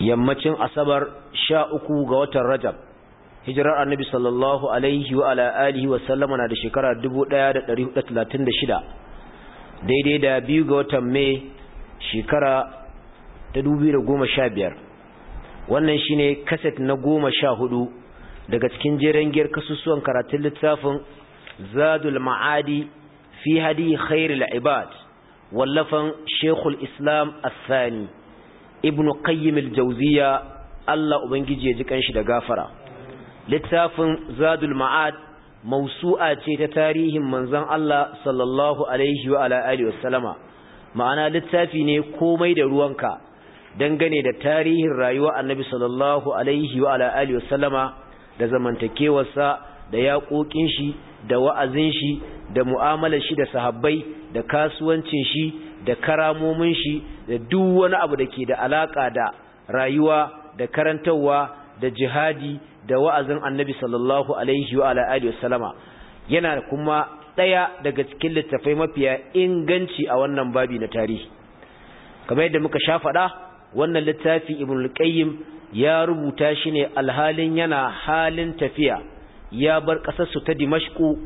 yammacin asabar sha uku ga watan rajab hijirar annabi sallallahu alaihi wa ala alihi wa sallama na da shekara 1436 daidai da biyu ga watan mai shekara ta 2015 wannan shi ne kaset na goma sha hudu daga cikin jeren giyar kasusuwan karatun littafin zadul ma'adi fi hadi khairul ibad wallafan shekul islam asani ibnu qayyim al-jawziya Allah ubangiji ya ji kanshi da gafara littafin zadul ma'ad mausu'a ce ta tarihin manzon Allah sallallahu alaihi wa ala alihi wasallama ma'ana littafi ne komai da ruwanka dangane da tarihin rayuwar annabi sallallahu alaihi wa ala alihi wasallama da zamantakewarsa da yaƙoƙin shi da wa'azin shi da mu'amalar shi da sahabbai da kasuwancin shi da karamomin shi da duk wani abu da ke da alaka da rayuwa da karantarwa da jihadi da wa'azin annabi sallallahu alaihi wa yana kuma ɗaya daga cikin littafai mafiya inganci a wannan babi na tarihi kamar yadda muka sha faɗa wannan littafi al qayyim ya rubuta shi ne alhalin yana halin tafiya ya bar ƙasarsu ta dimashku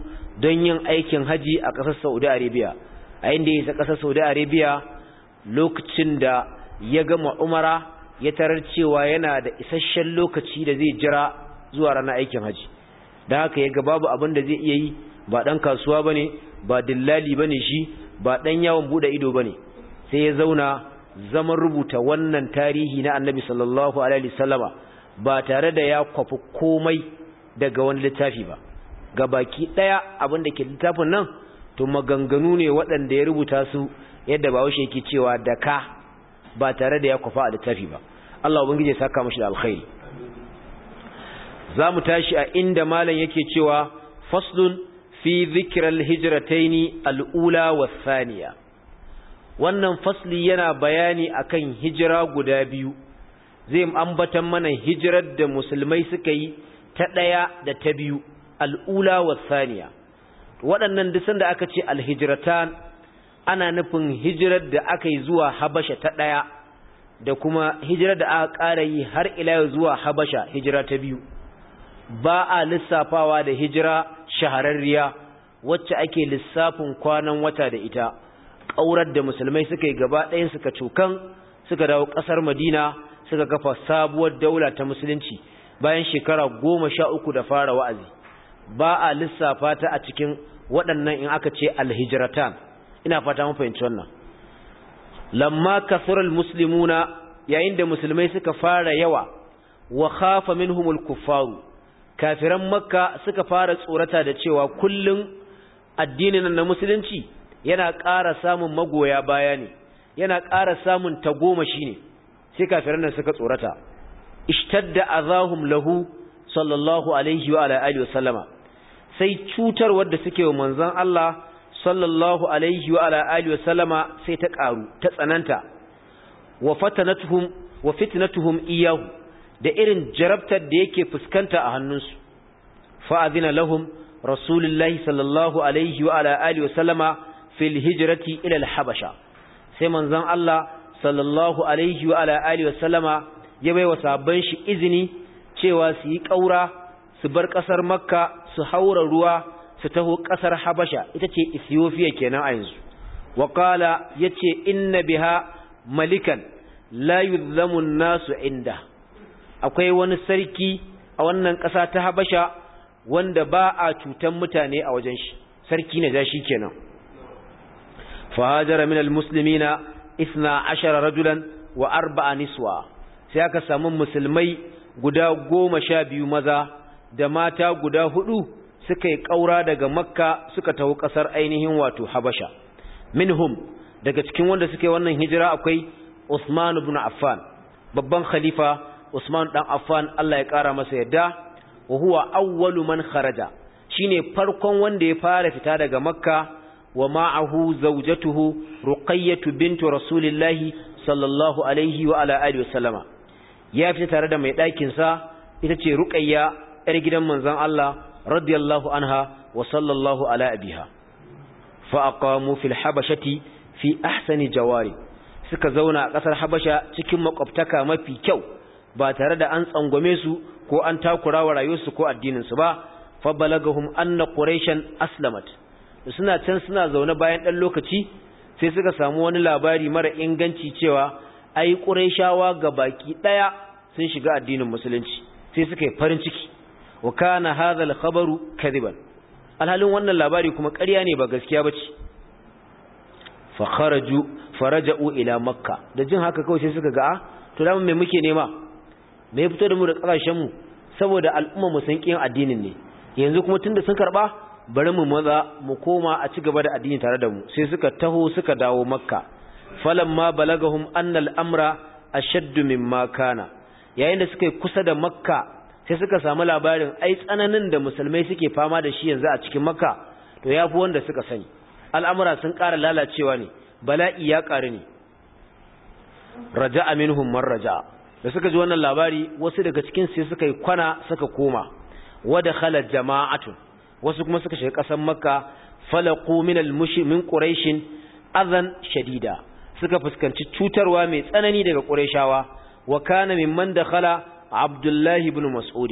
don yin aikin haji a ƙasar saudi arabia a inda ya isa ƙasar saudi arabia lokacin da ya gama umara ya tarar cewa yana da isasshen lokaci da zai jira zuwa ranar aikin haji da haka ya ga babu abin da zai iya yi ba ɗan kasuwa ba ne ba dillali ba ne shi ba ɗan yawon buɗe ido ba ne sai ya zauna zaman rubuta wannan tarihi na annabi sallallahu alaihi wasallama ba tare da ya kwafi komai daga wani littafi ba ga baki ɗaya abin da ke littafin nan to maganganu ne waɗanda ya rubuta su yadda ba wushe yake cewa da ka ba tare da ya kwafa a littafi ba Allah ubangiji ya saka mashi da alkhairi zamu tashi a inda malam yake cewa faslun fi dhikral hijrataini ni al'ula wa saniya. wannan fasli yana bayani akan hijira guda biyu zai ambatan mana hijirar da musulmai suka yi ta ɗaya da ta biyu al'ula wasaniya saniya. waɗannan duk sanda aka ce alhijratan ana nufin hijirar da aka yi zuwa habasha ta ɗaya da kuma hijirar da aka ƙara yi har ila zuwa habasha hijira ta biyu ba a lissafawa da hijira shahararriya wacce ake lissafin kwanan wata da ita ƙaurar da musulmai suka yi gaba ɗaya suka cokan suka dawo ƙasar madina suka kafa sabuwar daula ta musulunci bayan shekara goma sha uku da fara wa'azi ba a lissafa ta a cikin waɗannan in aka ce alhijratan ina fata mun nan. wannan lamma kasural musulmuna yayin da musulmai suka fara yawa wa khafa minhumul kuffaru kafiran makka suka fara tsorata da cewa kullum addinin na musulunci yana ƙara samun magoya baya ne yana ƙara samun tagomashi ne sai kafiran nan suka tsorata ishtadda azahum lahu sallallahu alaihi wa alihi wa sallama sai cutar wadda suke wa manzon Allah sallallahu alaihi wa ala alihi wa sallama sai ta karu ta tsananta wa fatanatuhum wa fitnatuhum iyahu da irin jarabtar da yake fuskanta a hannunsu fa adina lahum rasulullahi sallallahu alaihi wa ala alihi wa sallama fil hijrati ila al habasha sai manzon Allah sallallahu alaihi wa ala alihi wa sallama ya bai wa sabban shi izini cewa su yi ƙaura su bar ƙasar makka su haura ruwa su taho ƙasar habasha ita ce ethiopia kenan a yanzu Wakala ya ce inna biha malikan la yuzlamun nasu inda akwai wani sarki a wannan ƙasa ta habasha wanda ba a cutan mutane a wajen shi sarki na jashi kenan fahajara min almuslimina isna ashara rajulan wa arba'a niswa sai aka samu musulmai guda goma sha biyu maza da mata guda hudu suka yi ƙaura daga makka suka taho ƙasar ainihin wato habasha minhum daga cikin wanda suka wannan hijira akwai usman ibn affan babban khalifa usman dan affan Allah ya ƙara masa yadda wa huwa awwalu man kharaja shine farkon wanda ya fara fita daga makka wa ma'ahu zawjatuhu ruqayyah bintu rasulillahi sallallahu alaihi wa ala alihi sallama ya fita tare da mai ɗakin sa ita ce ruqayyah ‘yar gidan manzan Allah radiyallahu anha wa sallallahu ala abiha fa'aƙamu fil habashati fi ahsani jawari suka zauna a ƙasar habasha cikin makwabtaka mafi kyau ba tare da an tsangwame su ko an takura wa rayuwarsu ko addininsu ba fa balagahum anna quraishan aslamat suna can suna zaune bayan ɗan lokaci sai suka samu wani labari mara inganci cewa ai ƙurayshawa ga baki ɗaya sun shiga addinin musulunci sai suka yi farin ciki wa kana hadha al-khabaru kadiban alhalin wannan labari kuma ƙarya ne ba gaskiya bace fa kharaju faraja'u ila makka da jin haka kawai sai suka ga ah, to da me muke nema me fito da mu da kasashen mu saboda al'umma mu san kiyin addinin ne yanzu kuma tunda sun karba bari mu maza mu koma a ci gaba da addini tare da mu sai suka taho suka dawo makka falamma balagahum anna al-amra ashaddu mimma kana yayin da suka kusa da makka sai suka samu labarin ai tsananin da musulmai suke fama da shi yanzu a cikin makka to ya fi wanda suka sani al'amura sun ƙara lalacewa ne bala'i ya ƙari ne raja aminhum man raja da suka ji wannan labari wasu daga cikin sai suka yi kwana suka koma wada khala jama'atun wasu kuma suka shiga ƙasar makka falaqu min al-mushrimin azan shadida suka fuskanci cutarwa mai tsanani daga qurayshawa wa kana mimman dakhala abdullahi ibn mas'ud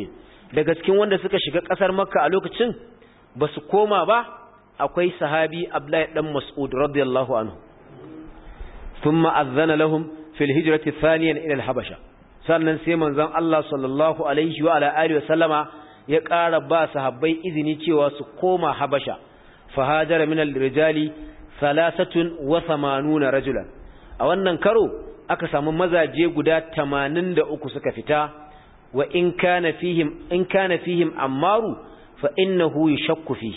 daga cikin wanda suka shiga kasar makka a lokacin ba su koma ba akwai sahabi abdullahi dan mas'ud radiyallahu anhu thumma azana lahum fil hijrati thaniyan ila al habasha sannan sai manzon Allah sallallahu alaihi wa alihi wa sallama ya ƙara ba sahabbai izini cewa su koma habasha fahajara min al-rijali thalathatun wa rajulan a wannan karo aka samu mazaje guda 83 suka fita wa in kana fihim in kana fihim ammaru fa innahu yashakku fi.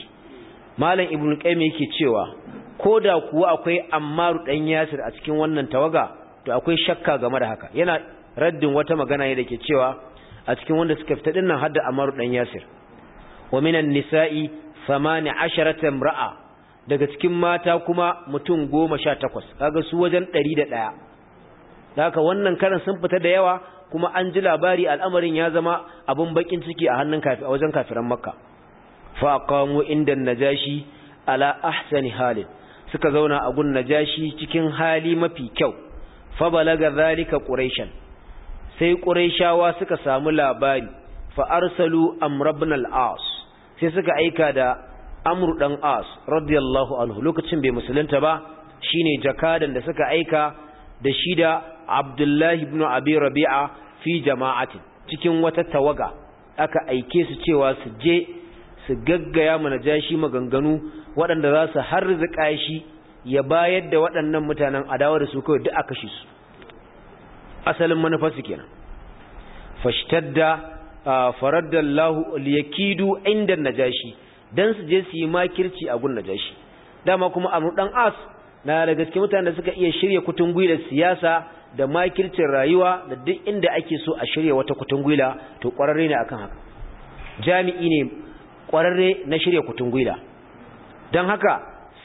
malam ibnu qayyim yake cewa koda kuwa akwai ammaru dan yasir a cikin wannan tawaga to akwai shakka game da haka yana raddin wata magana ne dake cewa a cikin wanda suka fita dinnan hadda ammaru dan yasir wa minan nisa'i 18 imra'a daga cikin mata kuma mutum 18 kaga su wajen da 101 haka wannan karan sun fita da yawa kuma an ji labari al'amarin ya zama abin bakin ciki a hannun kafi a wajen kafiran makka fa qamu inda najashi ala ahsani halin suka zauna a gun najashi cikin hali mafi kyau fa balaga zalika quraishan sai quraishawa suka samu labari fa arsalu amrabn al-as sai suka aika da amr dan as radiyallahu anhu lokacin bai musulunta ba shine jakadan da suka aika da shida abdullahi ibn abi rabi'a fi jama'atin cikin wata tawaga aka aike su cewa su je su gaggaya mana jashi maganganu waɗanda za su zuƙa shi ya bayar da waɗannan mutanen adawa da su kawai duk aka shi su asalin su kenan fashtadda faraddallahu liyakidu inda najashi dan su je su yi makirci a gun najashi dama kuma amru dan as na daga cikin mutanen da suka iya shirya kutungui da siyasa da makircin rayuwa da duk inda ake so a shirya wata kutungwila to kwararre ne akan haka jami'i ne kwararre na shirya kutungwila don haka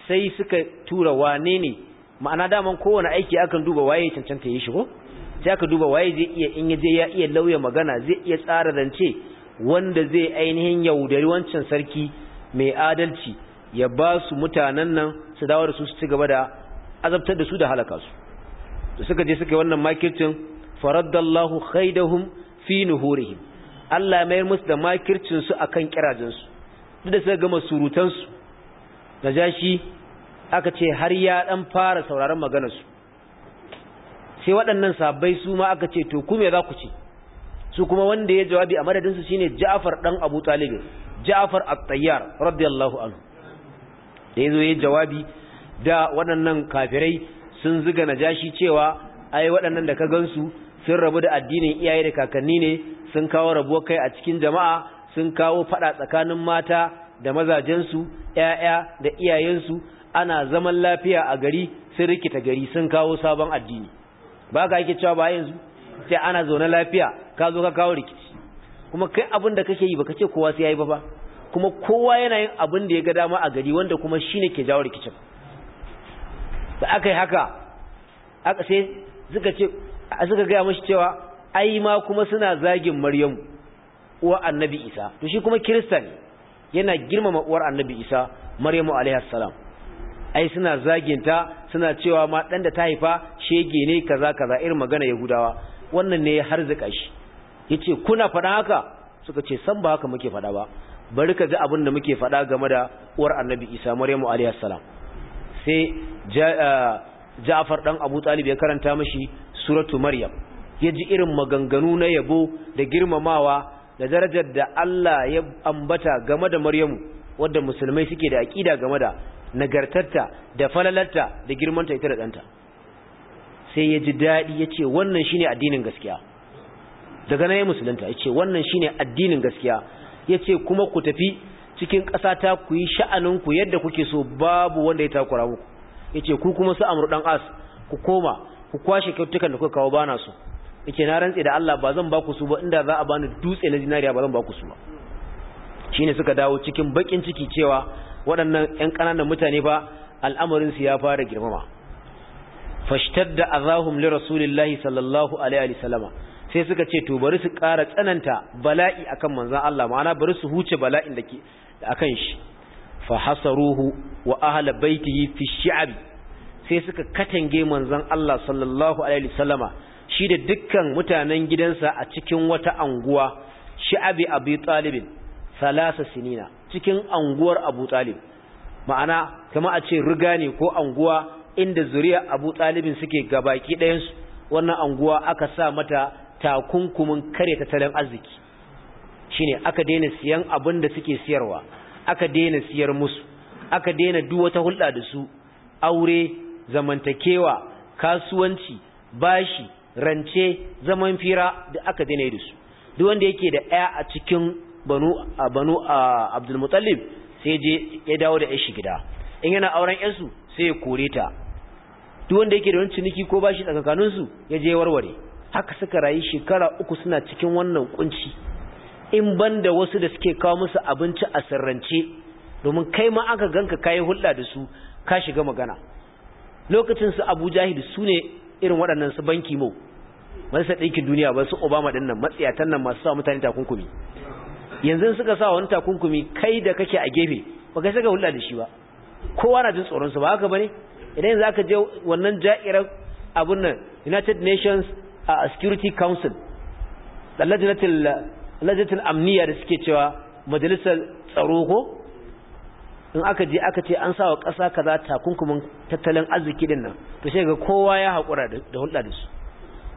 sai suka tura wane ne ma'ana daman kowane aiki akan duba waye cancanta ya shigo sai aka duba waye zai iya in yaje ya iya lauya magana zai iya tsara zance wanda zai ainihin yaudari wancan sarki mai adalci ya ba su mutanen nan su dawo da su su ci gaba da azabtar da su da halaka su da suka je suka yi wannan makircin faraddallahu khaidahum fi nuhurihim Allah mayar musu da makircin su akan kirajin su duk da suka gama surutan su najashi aka ce har ya dan fara sauraron maganar su sai waɗannan sabbai su ma aka ce to ku me za ku ce su kuma wanda ya jawabi a madadin su shine Ja'far dan Abu Talib Ja'far At-Tayyar radiyallahu anhu da yazo ya jawabi da waɗannan kafirai sun ziga najashi cewa ai waɗannan da ka gansu sun rabu da addinin iyaye da kakanni ne sun kawo rabuwar kai a cikin jama'a sun kawo fada tsakanin mata da mazajensu ƴaƴa da iyayensu ana zaman lafiya a gari sun rikita gari sun kawo sabon addini ba ka yake cewa ba yanzu sai ana zaune lafiya ka zo ka kawo rikici kuma kai abin da kake yi ba ce kowa sai yayi ba ba kuma kowa yana yin abin da ya ga dama a gari wanda kuma shine ke jawo rikicin da aka yi haka aka sai suka ce suka gaya mashi cewa ai ma kuma suna zagin maryam uwar annabi isa to shi kuma kirista ne yana girmama uwar annabi isa maryamu alaihi salam ai suna zaginta suna cewa ma dan da ta haifa shege ne kaza kaza irin magana yahudawa wannan ne ya harzika shi yace kuna faɗa haka suka ce san ba haka muke faɗa ba bari ka ji abin da muke faɗa game da uwar annabi isa maryamu alaihi salam sai uh, Ja'far dan Abu Talib ya karanta mashi suratu Maryam ya ji irin maganganu na yabo da girmamawa da darajar da Allah ya ambata game da Maryamu wadda musulmai suke da aƙida game da nagartarta da falalarta da girmanta ita da danta sai ya ji dadi ce wannan shine addinin gaskiya daga nan ya musulunta ce wannan shine addinin gaskiya ya ce kuma ku tafi cikin ƙasa ta ku yi sha'aninku yadda kuke so babu wanda ya takura muku Ice ku kuma su ɗan as ku koma ku kwashe kyautukan da kuka kawo bana su Ice na rantse da Allah ba zan ba ku su ba inda za a bani dutse na zinariya ba zan ba ku su ba Shi ne suka dawo cikin bakin ciki cewa waɗannan ƴan ƙananan mutane ba al'amarin su ya fara girmama da azahum li rasulillahi sallallahu alaihi wa sallam, sai suka ce to bari su ƙara tsananta bala'i akan manzon Allah ma'ana bari su huce bala'in da ke akan shi fa hasaruhu wa ahla baitihi fi shi'ab sai suka katange manzon Allah sallallahu alaihi wasallama shi da dukkan mutanen gidansa a cikin wata anguwa shi'abi abi talibin salasa sinina cikin anguwar abu talib ma'ana kama a ce riga ne ko anguwa inda zuriya abu talibin suke gabaki ɗayansu wannan anguwa aka sa mata takunkumin kare tattalin arziki shine aka daina siyan abin da suke siyarwa aka daina siyar musu aka daina duk wata hulɗa da su aure zamantakewa kasuwanci bashi rance zaman fira da aka daina da su duk wanda yake da ɗaya a cikin banu a banu Abdul Muttalib sai je ya dawo da shi gida in yana auren ƴansu sai ya kore ta duk wanda yake da wani ciniki ko bashi tsakaninsu ya je warware haka suka rayu shekara uku suna cikin wannan kunci in banda wasu da suke kawo musu abinci a sirrance domin kai ma aka ganka kayi hulɗa da su ka shiga magana lokacin su Abu Jahil su ne irin waɗannan su banki mo Masu ɗinkin duniya ba su Obama ɗin nan matsiyatan nan masu sa mutane takunkumi yanzu suka sa wani takunkumi kai da kake a gefe ba kai saka hulɗa da shi ba kowa na jin tsoronsu ba haka bane idan yanzu aka je wannan ja'irar abun nan United Nations uh, Security Council Lajnatul lajatul amniya da suke cewa majalisar tsaro ko in aka je aka ce an sawa ƙasa kaza takunkumin tattalin arziki din nan to sai ga kowa ya haƙura da hulɗa da su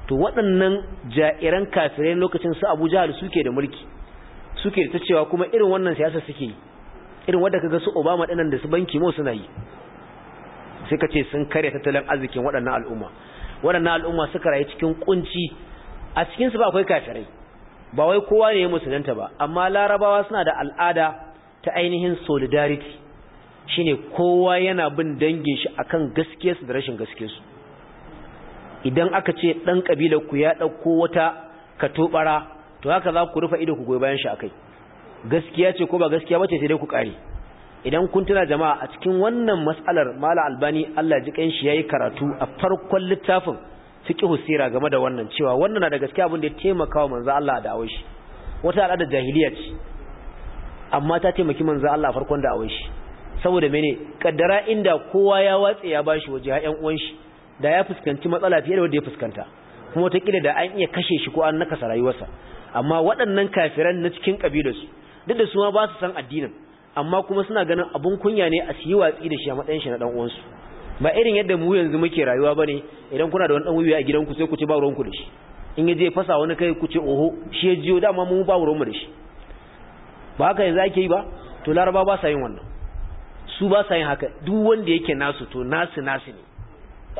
to waɗannan ja'iran kafirai lokacin su Abuja da suke da mulki suke ta cewa kuma irin wannan siyasa suke yi irin wanda kaga su Obama dinnan da su banki mo suna yi sai ka ce sun kare tattalin arzikin waɗannan al'umma waɗannan al'umma suka rayu cikin kunci a cikin su ba akwai kafirai ba wai kowa ne ya musulunta ba amma larabawa suna da al'ada ta ainihin solidarity shine kowa yana bin dangin shi akan gaskiyarsu da rashin gaskiyarsu idan aka ce dan kabilar ku ya dauko wata katobara to haka za ku rufe ido ku goyi bayan shi akai gaskiya ce ko ba gaskiya bace sai dai ku kare idan kun tuna jama'a a cikin wannan mas'alar mala albani Allah ji kan shi yayi karatu a farkon littafin fiqhu sira game da wannan cewa wannan na da gaske abin da ya taimaka wa manzo Allah da shi wata al'ada jahiliya ce amma ta taimaki manzo Allah farkon da shi saboda mene kaddara inda kowa ya watse ya bashi waje ƴan uwan shi da ya fuskanci matsala fiye da wanda ya fuskanta kuma kila da an iya kashe shi ko an nakasa rayuwarsa amma waɗannan kafiran na cikin kabilarsu duk da su ma ba su san addinin amma kuma suna ganin abun kunya ne a siyi watsi da shi a matsayin shi na dan uwansu ba irin yadda mu yanzu muke rayuwa bane idan kuna da wani dan wuya a gidanku sai ku ci bawuran ku da shi in yaje fasa wani kai ku ce oho shi ya jiyo dama mu bawuran mu da shi ba haka yanzu ake yi ba to laraba ba sa yin wannan su ba sa yin haka duk wanda yake nasu to nasu nasu ne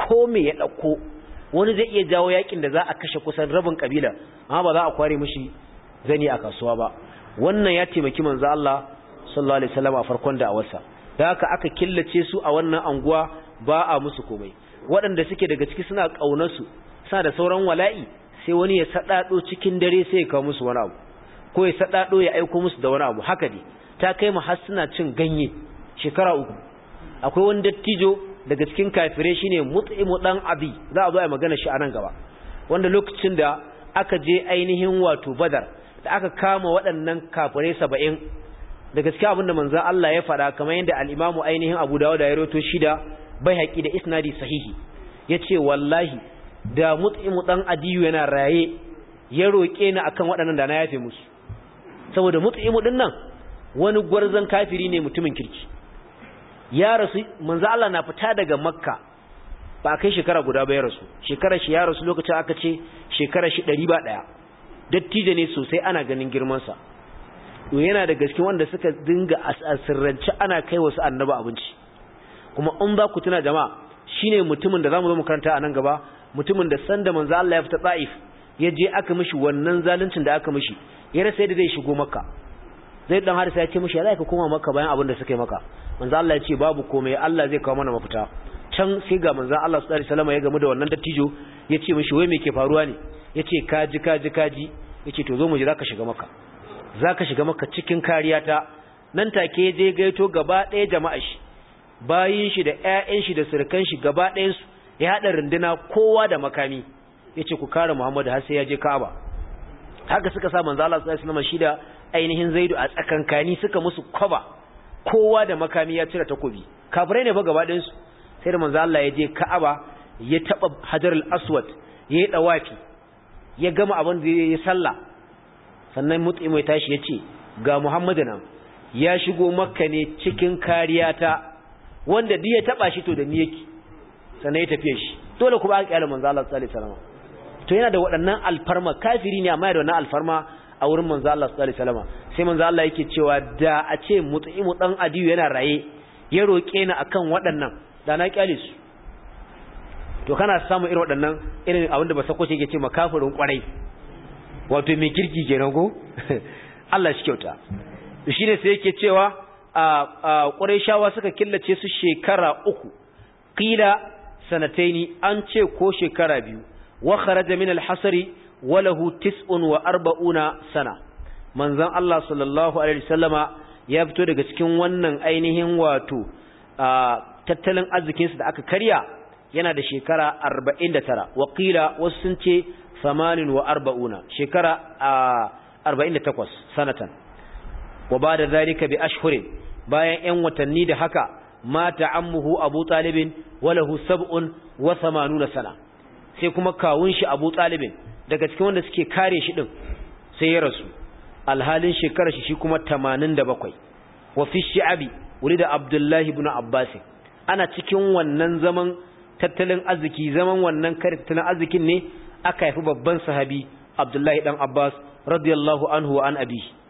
ko me ya dauko wani zai iya jawo yakin da za a kashe kusan rabin kabila amma ba za a kware mishi zani a kasuwa ba wannan ya taimaki manzo Allah sallallahu alaihi wasallam a farkon da da haka aka killace su a wannan anguwa ba a musu komai waɗanda suke daga ciki suna ƙaunarsu sa da sauran wala'i sai wani ya saɗaɗo cikin dare sai ya kawo musu wani abu ko ya saɗaɗo ya aiko musu da wani abu haka dai ta kai mu har suna cin ganye shekara uku akwai wani dattijo daga cikin kafirai shine mutsimu dan abi za a zo a magana shi a nan gaba wanda lokacin da aka je ainihin wato badar da aka kama waɗannan kafirai saba'in da abin abinda manzon Allah ya faɗa kamar yadda alimamu ainihin Abu da ya roto shida bai haƙi da isnadi sahihi ya ce wallahi da mut'imu ɗan adiyu yana raye ya roƙe ni akan waɗannan da na yafe musu saboda mut'imu ɗin nan wani gwarzon kafiri ne mutumin kirki ya rasu manzo Allah na fita daga makka ba kai shekara guda ba ya rasu shekara shi ya rasu lokacin aka ce shekara shi ɗari ba ɗaya dattijo ne sosai ana ganin girmansa yana da gaske wanda suka dinga asirrance ana kai wasu annaba abinci kuma in za ku tuna jama'a shine mutumin da zamu zo mu karanta a nan gaba mutumin da sanda manzo Allah ya fita Taif ya je aka mishi wannan zaluncin da aka mishi ya rasa yadda zai shigo Makka zai dan harisa ya ce mishi ya ka koma Makka bayan abin da suka yi maka manzo Allah ya ce babu komai Allah zai kawo mana mafita can sai ga manzo Allah sallallahu alaihi wasallam ya gamu da wannan dattijo ya ce mishi wai me ke faruwa ne ya ce kaji kaji kaji ya ce to zo mu ji zaka shiga Makka zaka shiga Makka cikin kariya ta nan take je gaito gaba ɗaya jama'a shi bayin shi da ƴaƴan shi da sirkan shi gaba ɗayan su ya hada runduna kowa da makami yace ku kare Muhammad har sai ya je Ka'aba haka suka sa manzo Allah sallallahu alaihi wasallam shi da ainihin Zaidu a tsakankani suka musu kwaba kowa da makami ya cire takobi kafirai ne fa gaba ɗayan su sai da manzo Allah ya je Ka'aba ya taba Hajarul Aswad yi dawafi ya gama abin da ya sallah sannan mutsi mai tashi yace ga Muhammadu nan ya shigo makka ne cikin kariyata wanda duk ya taba shi to da ni yake sannan ya tafiye shi dole kuma aka kiyala manzo Allah sallallahu alaihi wasallam to yana da waɗannan alfarma kafiri ne amma yana da wannan alfarma a wurin manzo Allah sallallahu alaihi wasallam sai manzo Allah yake cewa da a ce mut'imu dan adiyu yana raye ya roke ni akan waɗannan da na kiyale su to kana samu irin waɗannan irin abin da ba sako ce yake ce makafirin kwarai wato mai kirki kenan ko Allah shi kyauta shi ne sai yake cewa ƙwarishawa suka killace su shekara uku ƙila sanataini an ce ko shekara biyu wa kharaja min al-hasri wa lahu tis'un wa arba'una sana manzon Allah sallallahu alaihi wasallama ya fito daga cikin wannan ainihin wato tattalin arzikinsa da aka karya yana da shekara 49 ƙila wasu sun ce 48 shekara 48 sanatan wa ba da zarika bi ashhurin bayan 'yan watanni da haka mata ammuhu abu talibin walahu sab'un wa samanuna sana sai kuma kawun shi abu talibin daga cikin wanda suke kare shi din sai ya rasu alhalin shekarar shi kuma 87 wa fi shi'abi ulida abdullahi ibn abbas ana cikin wannan zaman tattalin arziki zaman wannan kare tattalin arzikin ne aka haifi babban sahabi abdullahi dan abbas radiyallahu anhu wa an abihi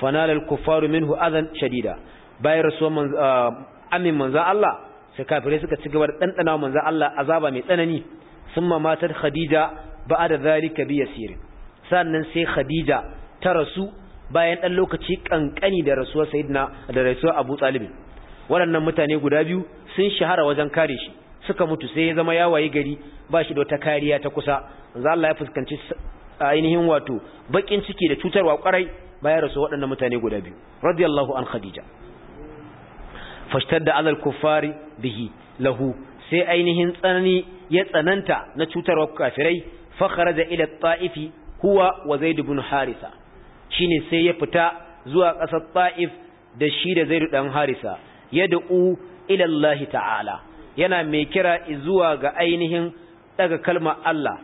Fanalal al-kuffaru minhu adan shadida bayan rasuwar ah, amin manzan Allah sai kafirai suka ci gaba da dandana manzan Allah azaba mai tsanani summa matar khadija ba'da zalika biya yasir sannan sai khadija ta rasu bayan ɗan lokaci ƙanƙani da rasuwar sayyidina da rasuwar abu talib waɗannan mutane guda biyu sun shahara wajen kare shi suka mutu sai ya zama yawaye gari ba shi da wata kariya ta kusa manzo Allah ya fuskanci ainihin wato baƙin ciki da cutarwa kwarai bayan rasu waɗanda mutane guda biyu radiyallahu an khadija da alal kuffari bihi lahu sai ainihin tsanani ya tsananta na cutarwa kafirai fakhara da ila ta'ifi huwa wa zaid harisa shine sai ya fita zuwa ƙasar ta'if da shi da zaidu ɗan harisa ya ila ilallahi ta'ala yana mai kira zuwa ga ainihin daga kalmar Allah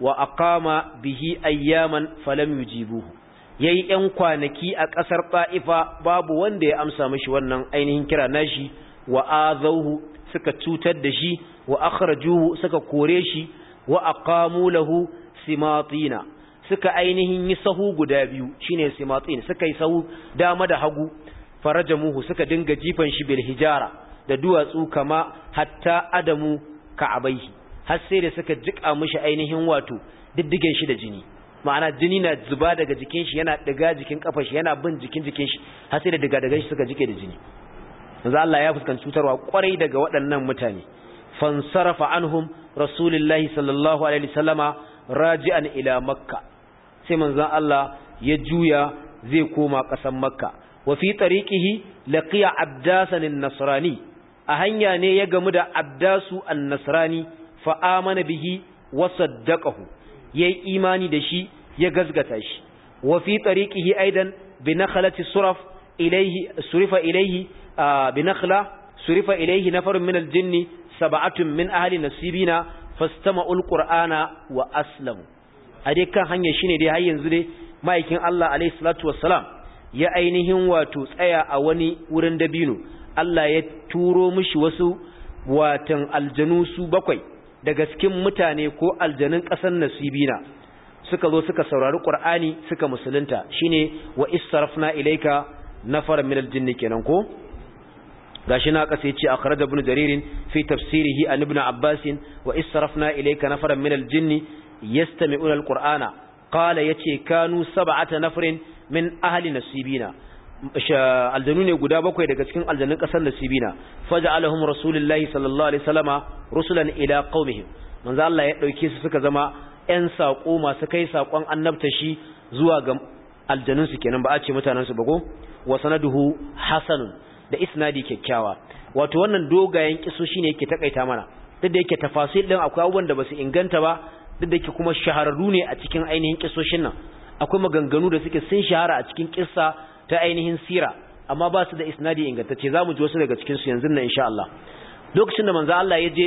wa aqama bihi ayyaman falam yujibuhu ya yi ‘yan kwanaki a ƙasar ɗa'ifa babu wanda ya amsa mashi wannan ainihin kira nashi wa azauhu suka cutar da shi wa akhrajuhu suka kore shi wa aqamu lahu simatina suka ainihin yi sahu guda biyu shine simatina suka yi sahu dama da hagu farajamuhu suka dinga jifan shi bil hijara da duwatsu kama hatta adamu ka'abaihi har sai da suka jiƙa mashi ainihin wato diddigen shi da jini ma'ana jini na zuba daga jikin shi yana diga jikin kafar shi yana bin jikin jikin shi har sai da diga daga shi suka jike da jini manzo Allah ya fuskanci cutarwa kwarai daga waɗannan mutane fansarafa anhum rasulullahi sallallahu alaihi wasallama raji'an ila makka sai manzo Allah ya juya zai koma ƙasar makka wa fi tariqihi laqiya abdasan an-nasrani a hanya ne ya gamu da abdasu an-nasrani fa amana bihi wa saddaqahu yayi imani da shi ya gazgata shi Wafi fi aidan bi nakhlati suraf ilayhi surifa ilayhi bi nakhla surifa min al-jinn sab'atun min ahli nasibina fastama qur'ana wa aslamu a dai kan hanya shine dai har yanzu dai ma'aikin Allah alayhi salatu wassalam ya ainihin wato tsaya a wani wurin dabino Allah ya turo mishi wasu watan aljanu su bakwai daga cikin mutane ko aljanin ƙasar nasibina suka zo suka saurari ƙur'ani suka musulunta shine wa ilaika ilayka nafar min aljinni kenan ko gashi na kasa yace akhraj ibn jarir fi tafsirihi an ibn abbas wa ilaika na nafar min aljinni yastami'una alqur'ana qala yace kanu sab'ata nafrin min ahli nasibina aljanu ne guda bakwai daga cikin aljanun kasar nasibina alahum rasulullahi sallallahu alaihi wasallama rusulan ila qaumihim manzo Allah ya dauke su suka zama ƴan sako masu kai sakon annabta zuwa ga aljanun su kenan ba a ce mutanen su bago wa sanaduhu hasan da isnadi kyakkyawa wato wannan dogayen kiso shine yake takaita mana duk da yake tafasil din akwai abubuwan da basu inganta ba duk da yake kuma shahararru ne a cikin ainihin kisoshin nan akwai maganganu da suke sun shahara a cikin kissa ta ainihin sira amma ba su da isnadi ingantacce za mu ji wasu daga cikinsu yanzu na insha Allah lokacin da manzo Allah ya je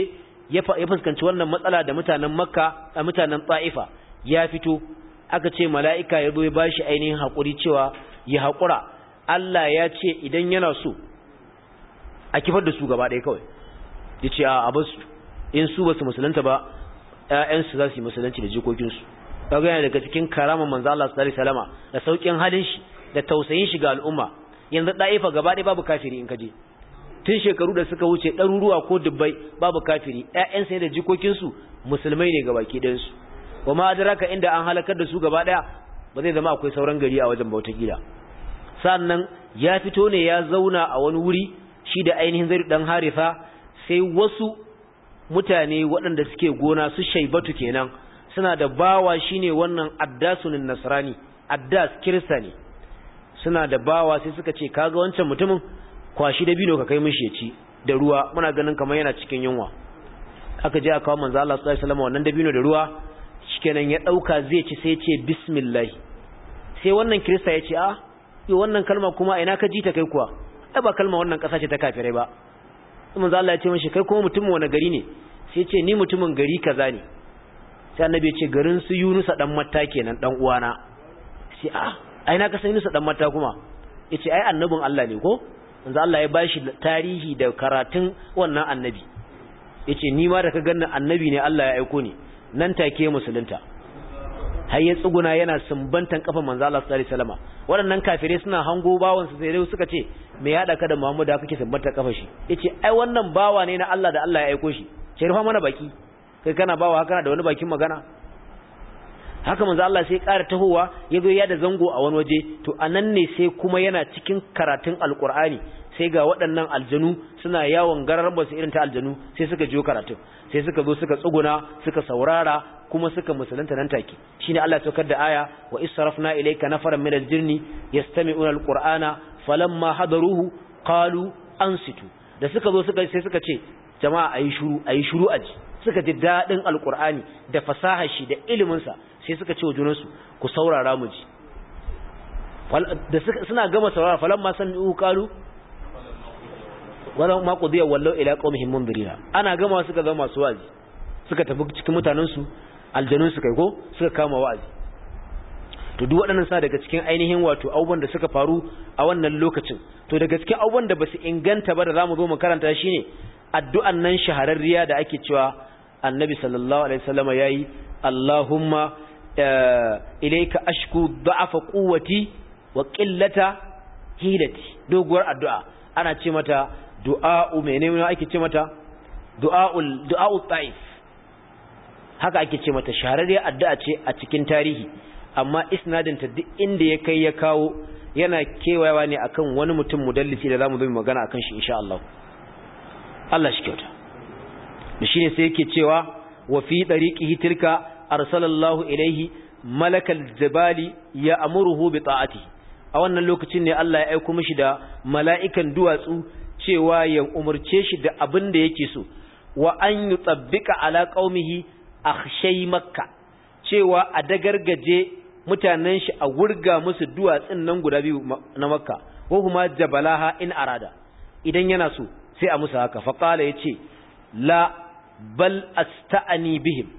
ya fuskanci wannan matsala da mutanen makka da mutanen ta'ifa ya fito aka ce mala'ika ya zo ya shi ainihin hakuri cewa ya hakura Allah ya ce idan yana so a kifar da su gaba ɗaya kawai ya ce a su. in su ba su musulunta ba ‘ya'yansu za su yi musulunci da jikokinsu kaga yana daga cikin karama manzo Allah sallallahu alaihi wasallama da saukin halin shi da tausayin shi ga al'umma yanzu ɗa'ifa gaba ɗaya babu kafiri in kaje tun shekaru da suka wuce ɗaruruwa ko dubbai babu kafiri ƴaƴansu sai da jikokinsu musulmai ne gabaki ɗayansu ba ma adraka inda an halakar da su gaba ɗaya ba zai zama akwai sauran gari a wajen bauta gida sannan ya fito ne ya zauna a wani wuri shi da ainihin zai dan harifa sai wasu mutane waɗanda suke gona su shaibatu kenan suna da bawa shine wannan addasun nasrani addas kirista ne suna da bawa sai suka ce kaga wancan mutumin kwashi da bino ka kai mishi ya ci da ruwa muna ganin kamar yana cikin yunwa aka je aka kawo manzo Allah sallallahu alaihi wasallam wannan dabino da ruwa shikenan ya dauka zai ci sai ya ce bismillah sai wannan kirista ya ce a ah, yo wannan kalma kuma ina ka ji ta kai kuwa ai ba kalma wannan kasa ce ta kafirai ba manzo Allah ya ce mishi kai kuma mutumin wani gari ne sai ya ce ni mutumin gari kaza ne sai annabi ya ce garin su Yunusa dan matta kenan dan uwana sai a ah, ai na kasan Yunus dan mata kuma yace ai annabin Allah ne ko yanzu Allah ya bashi tarihi da karatun wannan annabi yace ni ma da ka ganna annabi ne Allah ya aiko ni nan take musulunta har ya tsuguna yana sumbantan kafa manzo Allah sallallahu alaihi wasallam waɗannan kafirai suna hango bawon su sai suka ce me ya daka da Muhammad kake sumbantar kafa shi yace ai wannan bawa ne na Allah da Allah ya aiko shi sai rufa mana baki kai kana bawa kana da wani bakin magana haka manzo Allah sai ƙara tahowa ya ya da zango a wani waje to anan ne sai kuma yana cikin karatun alkur'ani sai ga waɗannan aljanu suna yawon gararmasu su irin ta aljanu sai suka jiyo karatun sai suka zo suka tsuguna suka saurara kuma suka musulunta nan take shine Allah saukar da aya wa israfna ilayka nafaran min aljinni yastami'una alqur'ana falamma hadaruhu qalu ansitu da suka zo suka sai suka ce jama'a ayi shuru ayi shuru aji suka ji dadin alqur'ani da fasahar shi da iliminsa. sa sai suka ce wa junansu ku saurara mu ji da suna gama saurara falan ma san uku kalu wannan ma qudiya wallo ila qaumihim mundirina ana gama suka zama masu wazi suka tafi cikin mutanen su aljanun su kai ko suka kama wazi to duk waɗannan sa daga cikin ainihin wato abubuwan da suka faru a wannan lokacin to daga cikin abubuwan da basu inganta ba da zamu zo mu karanta shi ne addu'an nan shahararriya da ake cewa annabi sallallahu alaihi ya yayi Allahumma ilaika ashku da'afa quwwati wa qillata hilati doguwar addu'a ana ce mata du'a'u menene ake ce mata du'a'ul du'a'u ta'if haka ake ce mata shahararriyar addu'a ce a cikin tarihi amma isnadin ta duk inda ya kai ya kawo yana kewayawa ne akan wani mutum mudallisi da zamu zo magana akan shi insha Allah Allah shi kyauta shine sai yake cewa wa fi dariqihi tilka arsalallahu ilaihi malakal jibali ya amuruhu bi ta'ati a wannan lokacin ne Allah ya aika mishi da mala'ikan duwatsu cewa ya umurce shi da abin da yake so wa an yutabbika ala qaumihi akhshay makka cewa a dagargaje mutanen shi a wurga musu duwatsun nan guda biyu na makka ko kuma jabalaha in arada idan yana so sai a musu haka faqala yace la bal asta'ani bihim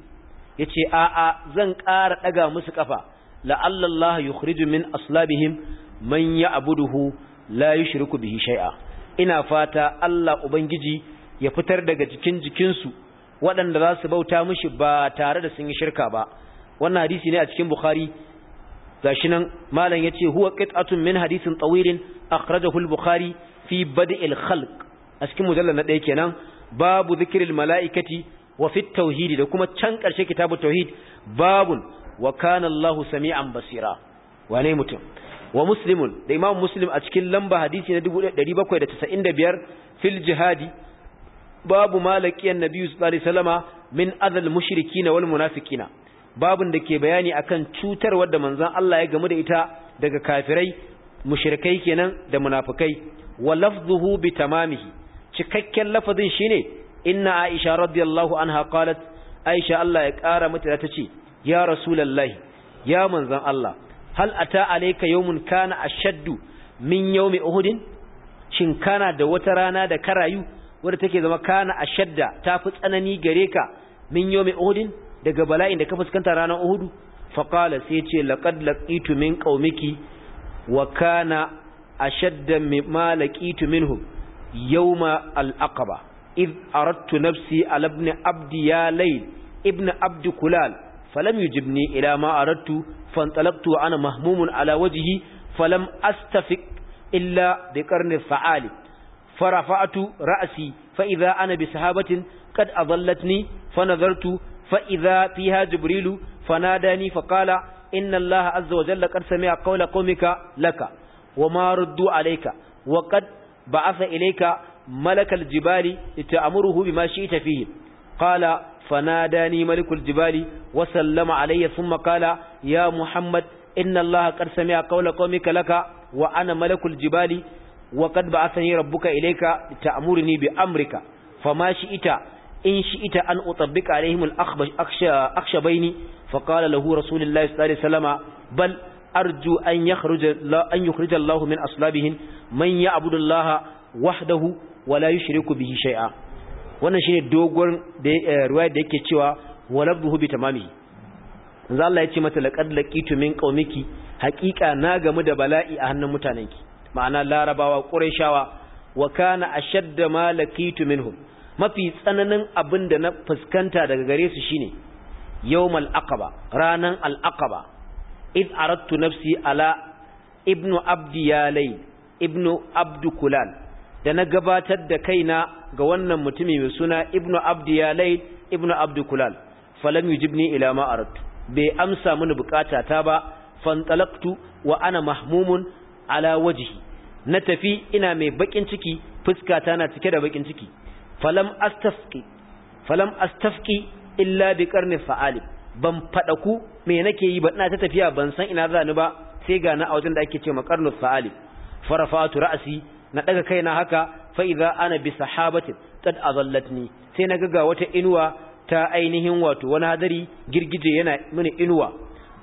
yace a'a zan ƙara ɗaga musu kafa la'alla Allah yukhriju min aslabihim man ya'buduhu la yushriku bihi shai'a. ina fata Allah ubangiji ya fitar daga cikin jikinsu waɗanda za su bauta mushi ba tare da sun yi shirka ba wannan hadisi ne a cikin bukhari gashi nan malam ce huwa qit'atun min hadisin tawilin akhrajahu hul bukhari fi bad'il khalq a cikin mujallar na ɗaya kenan babu zikirin mala'ikati wa fi tauhidi da kuma can ƙarshe kitabu tauhid babun wa sami'an basira wane mutum wa muslimun da imam muslim a cikin lamba hadisi na 1795 fil jihadi babu malakiyan nabiyyu sallallahu alaihi wasallama min adal mushrikina wal munafiqina babun da ke bayani akan cutar wadda manzon Allah ya gamu da ita daga kafirai mushrikai kenan da munafikai wa lafzuhu bi tamamihi cikakken lafazin shine inna aisha radiyallahu anha qalat aisha Allah ya kara mata ta ce ya rasulullahi ya manzon Allah hal ata alayka yawmun kana ashaddu min yawmi uhudin shin kana da wata rana da karayu wadda take zama kana ashadda tafi tsanani gare ka min yawmi uhudin daga bala'in da ka fuskanta ranar uhudu faqala sai ce laqad laqitu min qaumiki wa kana ashadda mimma laqitu minhum yawma al-aqaba إذ أردت نفسي على ابن عبد يا ليل ابن عبد كلال فلم يجبني إلى ما أردت فانطلقت وأنا مهموم على وجهي فلم أستفق إلا بقرن فعال فرفعت رأسي فإذا أنا بسحابة قد أظلتني فنظرت فإذا فيها جبريل فناداني فقال إن الله عز وجل قد سمع قول قومك لك وما ردوا عليك وقد بعث إليك malakal jibali ta'muruhu bima shi'ta fihi qala fanadani malikul jibali wa sallama alayya thumma qala ya muhammad inna allaha qad sami'a qawla qaumika laka wa ana malakul jibali wa qad ba'athani rabbuka ilayka ni bi amrika fama ita in ita an utabbiqa alayhim al-akhbash akhshabaini faqala lahu rasulullahi sallallahu alayhi wasallama bal أرجو أن يخرج, لا أن يخرج الله من أصلابهم من يعبد wahdahu wala yushriku bihi shay'a wannan shine dogon eh, riwaya da yake cewa walabuhu bi tamami manzo Allah ya ce mata laqad laqitu min qaumiki haqiqa na gamu da bala'i a hannun mutanenki ma'ana larabawa quraishawa wa kana ashadd ma laqitu minhum mafi tsananin abin da na fuskanta daga gare su shine yawmal aqaba ranan al aqaba id aradtu nafsi ala ibnu abdi yalay ibnu abdu kulal da na gabatar da kaina ga wannan mutumi mai suna ibnu abdiyalai ibnu abdukulal falam yujibni ila ma aradtu bai amsa mini bukata ta ba fantalaqtu wa ana mahmumun ala wajhi na tafi ina mai bakin ciki fuskata na cike da bakin ciki falam astafqi falam astafqi illa bi karni fa'ali ban fadaku me nake yi ba ina ta tafiya ban san ina za ni ba sai ga na a wajen da ake cewa qarnu fa'ali farafatu ra'asi. na daga kaina haka fa idza ana bi sahabatin tad azallatni sai na ga wata inuwa ta ainihin wato wani hadari girgije yana mini inuwa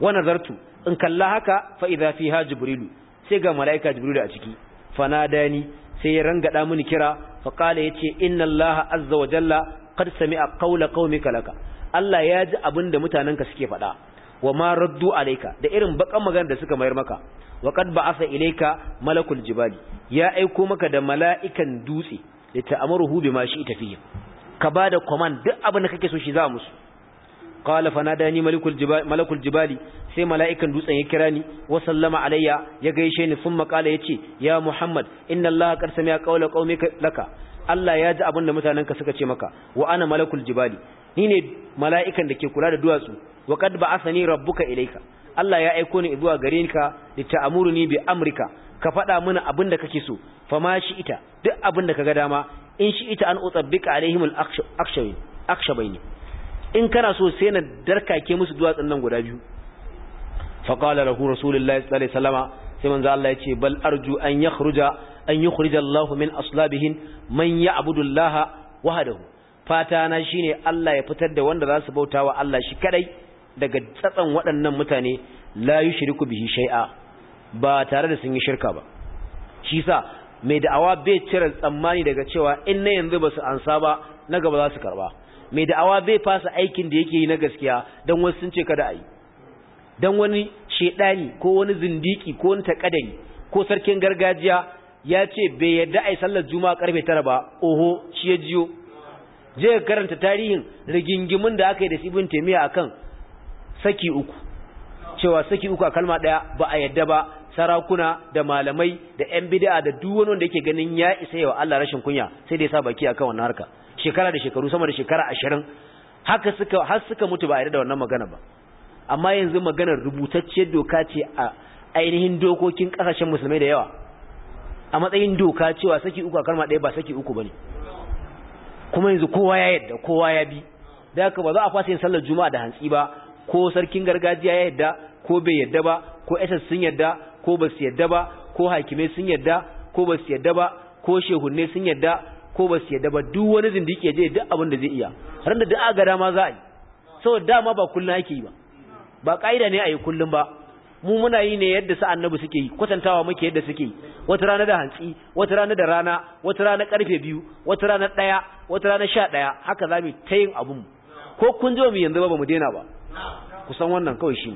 wa nazartu in kalla haka fa idza fiha jibrilu sai ga malaika jibrilu a ciki fanadani sai ya rangada mini kira fa qala yace inna allaha azza wa jalla qad sami'a qawla qaumika laka Allah ya ji abin da mutanenka suke faɗa wa ma raddu alayka da irin bakan magana da suka mayar maka wa qad ba'atha ilayka malakul jibali ya aiko maka da mala'ikan dutse da ta'amuruhu bima shi tafiya ka bada command duk abin da kake so shi za musu qala fanadani malikul jibali malakul jibali sai mala'ikan dutsen ya kira ni wa sallama alayya ya gaishe ni thumma ya yace ya muhammad inna allaha qad sami'a qawla qaumika laka Allah ya ji abin da mutanenka suka ce maka wa ana malakul jibali ni ne mala'ikan da ke kula da duwatsu wa qad ba'athani rabbuka ilayka Allah ya aiko ni zuwa gare ka lita'amuruni bi amrika ka faɗa mana abin da kake so fama shi ita duk abin da kaga dama in shi ita an utsabbika alaihim al-akshabain akshabain in kana so sai na darkake musu duwatsun nan guda biyu fa qala lahu rasulullahi sallallahu alaihi wasallama sai manzo Allah bal arju an yakhruja an yukhrija min aslabihin man ya'budu Allah wahdahu fata na shine Allah ya fitar da wanda za su bautawa Allah shi kadai daga tsatsan waɗannan mutane la shiriku bihi shai'a ba tare da sun yi shirka ba shi sa mai da'awa bai cire tsammani daga cewa in na yanzu ba su ansa ba na gaba za su karba mai da'awa bai fasa aikin da yake yi na gaskiya don wasu sun ce kada a yi don wani shaidani ko wani zindiki ko wani takadari ko sarkin gargajiya ya ce bai yadda a yi sallar juma'a karfe tara ba oho shi ya jiyo je karanta tarihin rigingimin da aka yi da sibin temiya akan saki uku cewa saki uku a kalma ɗaya ba a yadda ba sarakuna da malamai da yan bid'a da duk wani wanda yake ganin ya isa yawa Allah rashin kunya sai dai sa baki akan wannan harka shekara da shekaru sama da shekara 20 haka suka har suka mutu ba a yarda da wannan magana ba amma yanzu maganar rubutacce doka ce a ainihin dokokin kasashen musulmai da yawa a matsayin doka cewa saki uku a kalma ɗaya ba saki uku bane kuma yanzu kowa ya yadda kowa ya bi da haka ba za a fasa yin sallar juma'a da hantsi ba ko sarkin gargajiya ya yadda ko bai yadda ba ko Esas sun yadda ko ba su yadda ba ko hakimai sun yadda ko ba su yadda ba ko shehunne sun yadda ko ba su yadda ba duk wani zindiki ya je duk abin da zai iya ran da duk aga dama za a yi saboda dama ba kullun ake yi ba ba ƙa'ida ne a yi kullun ba mu muna yi ne yadda sa annabi suke yi kwatantawa muke yadda suke yi wata rana da hantsi wata rana da rana wata rana karfe biyu wata rana ɗaya wata rana sha daya haka za mu ta yin abun ko kun ji mu yanzu ba mu daina ba kusan wannan kawai shi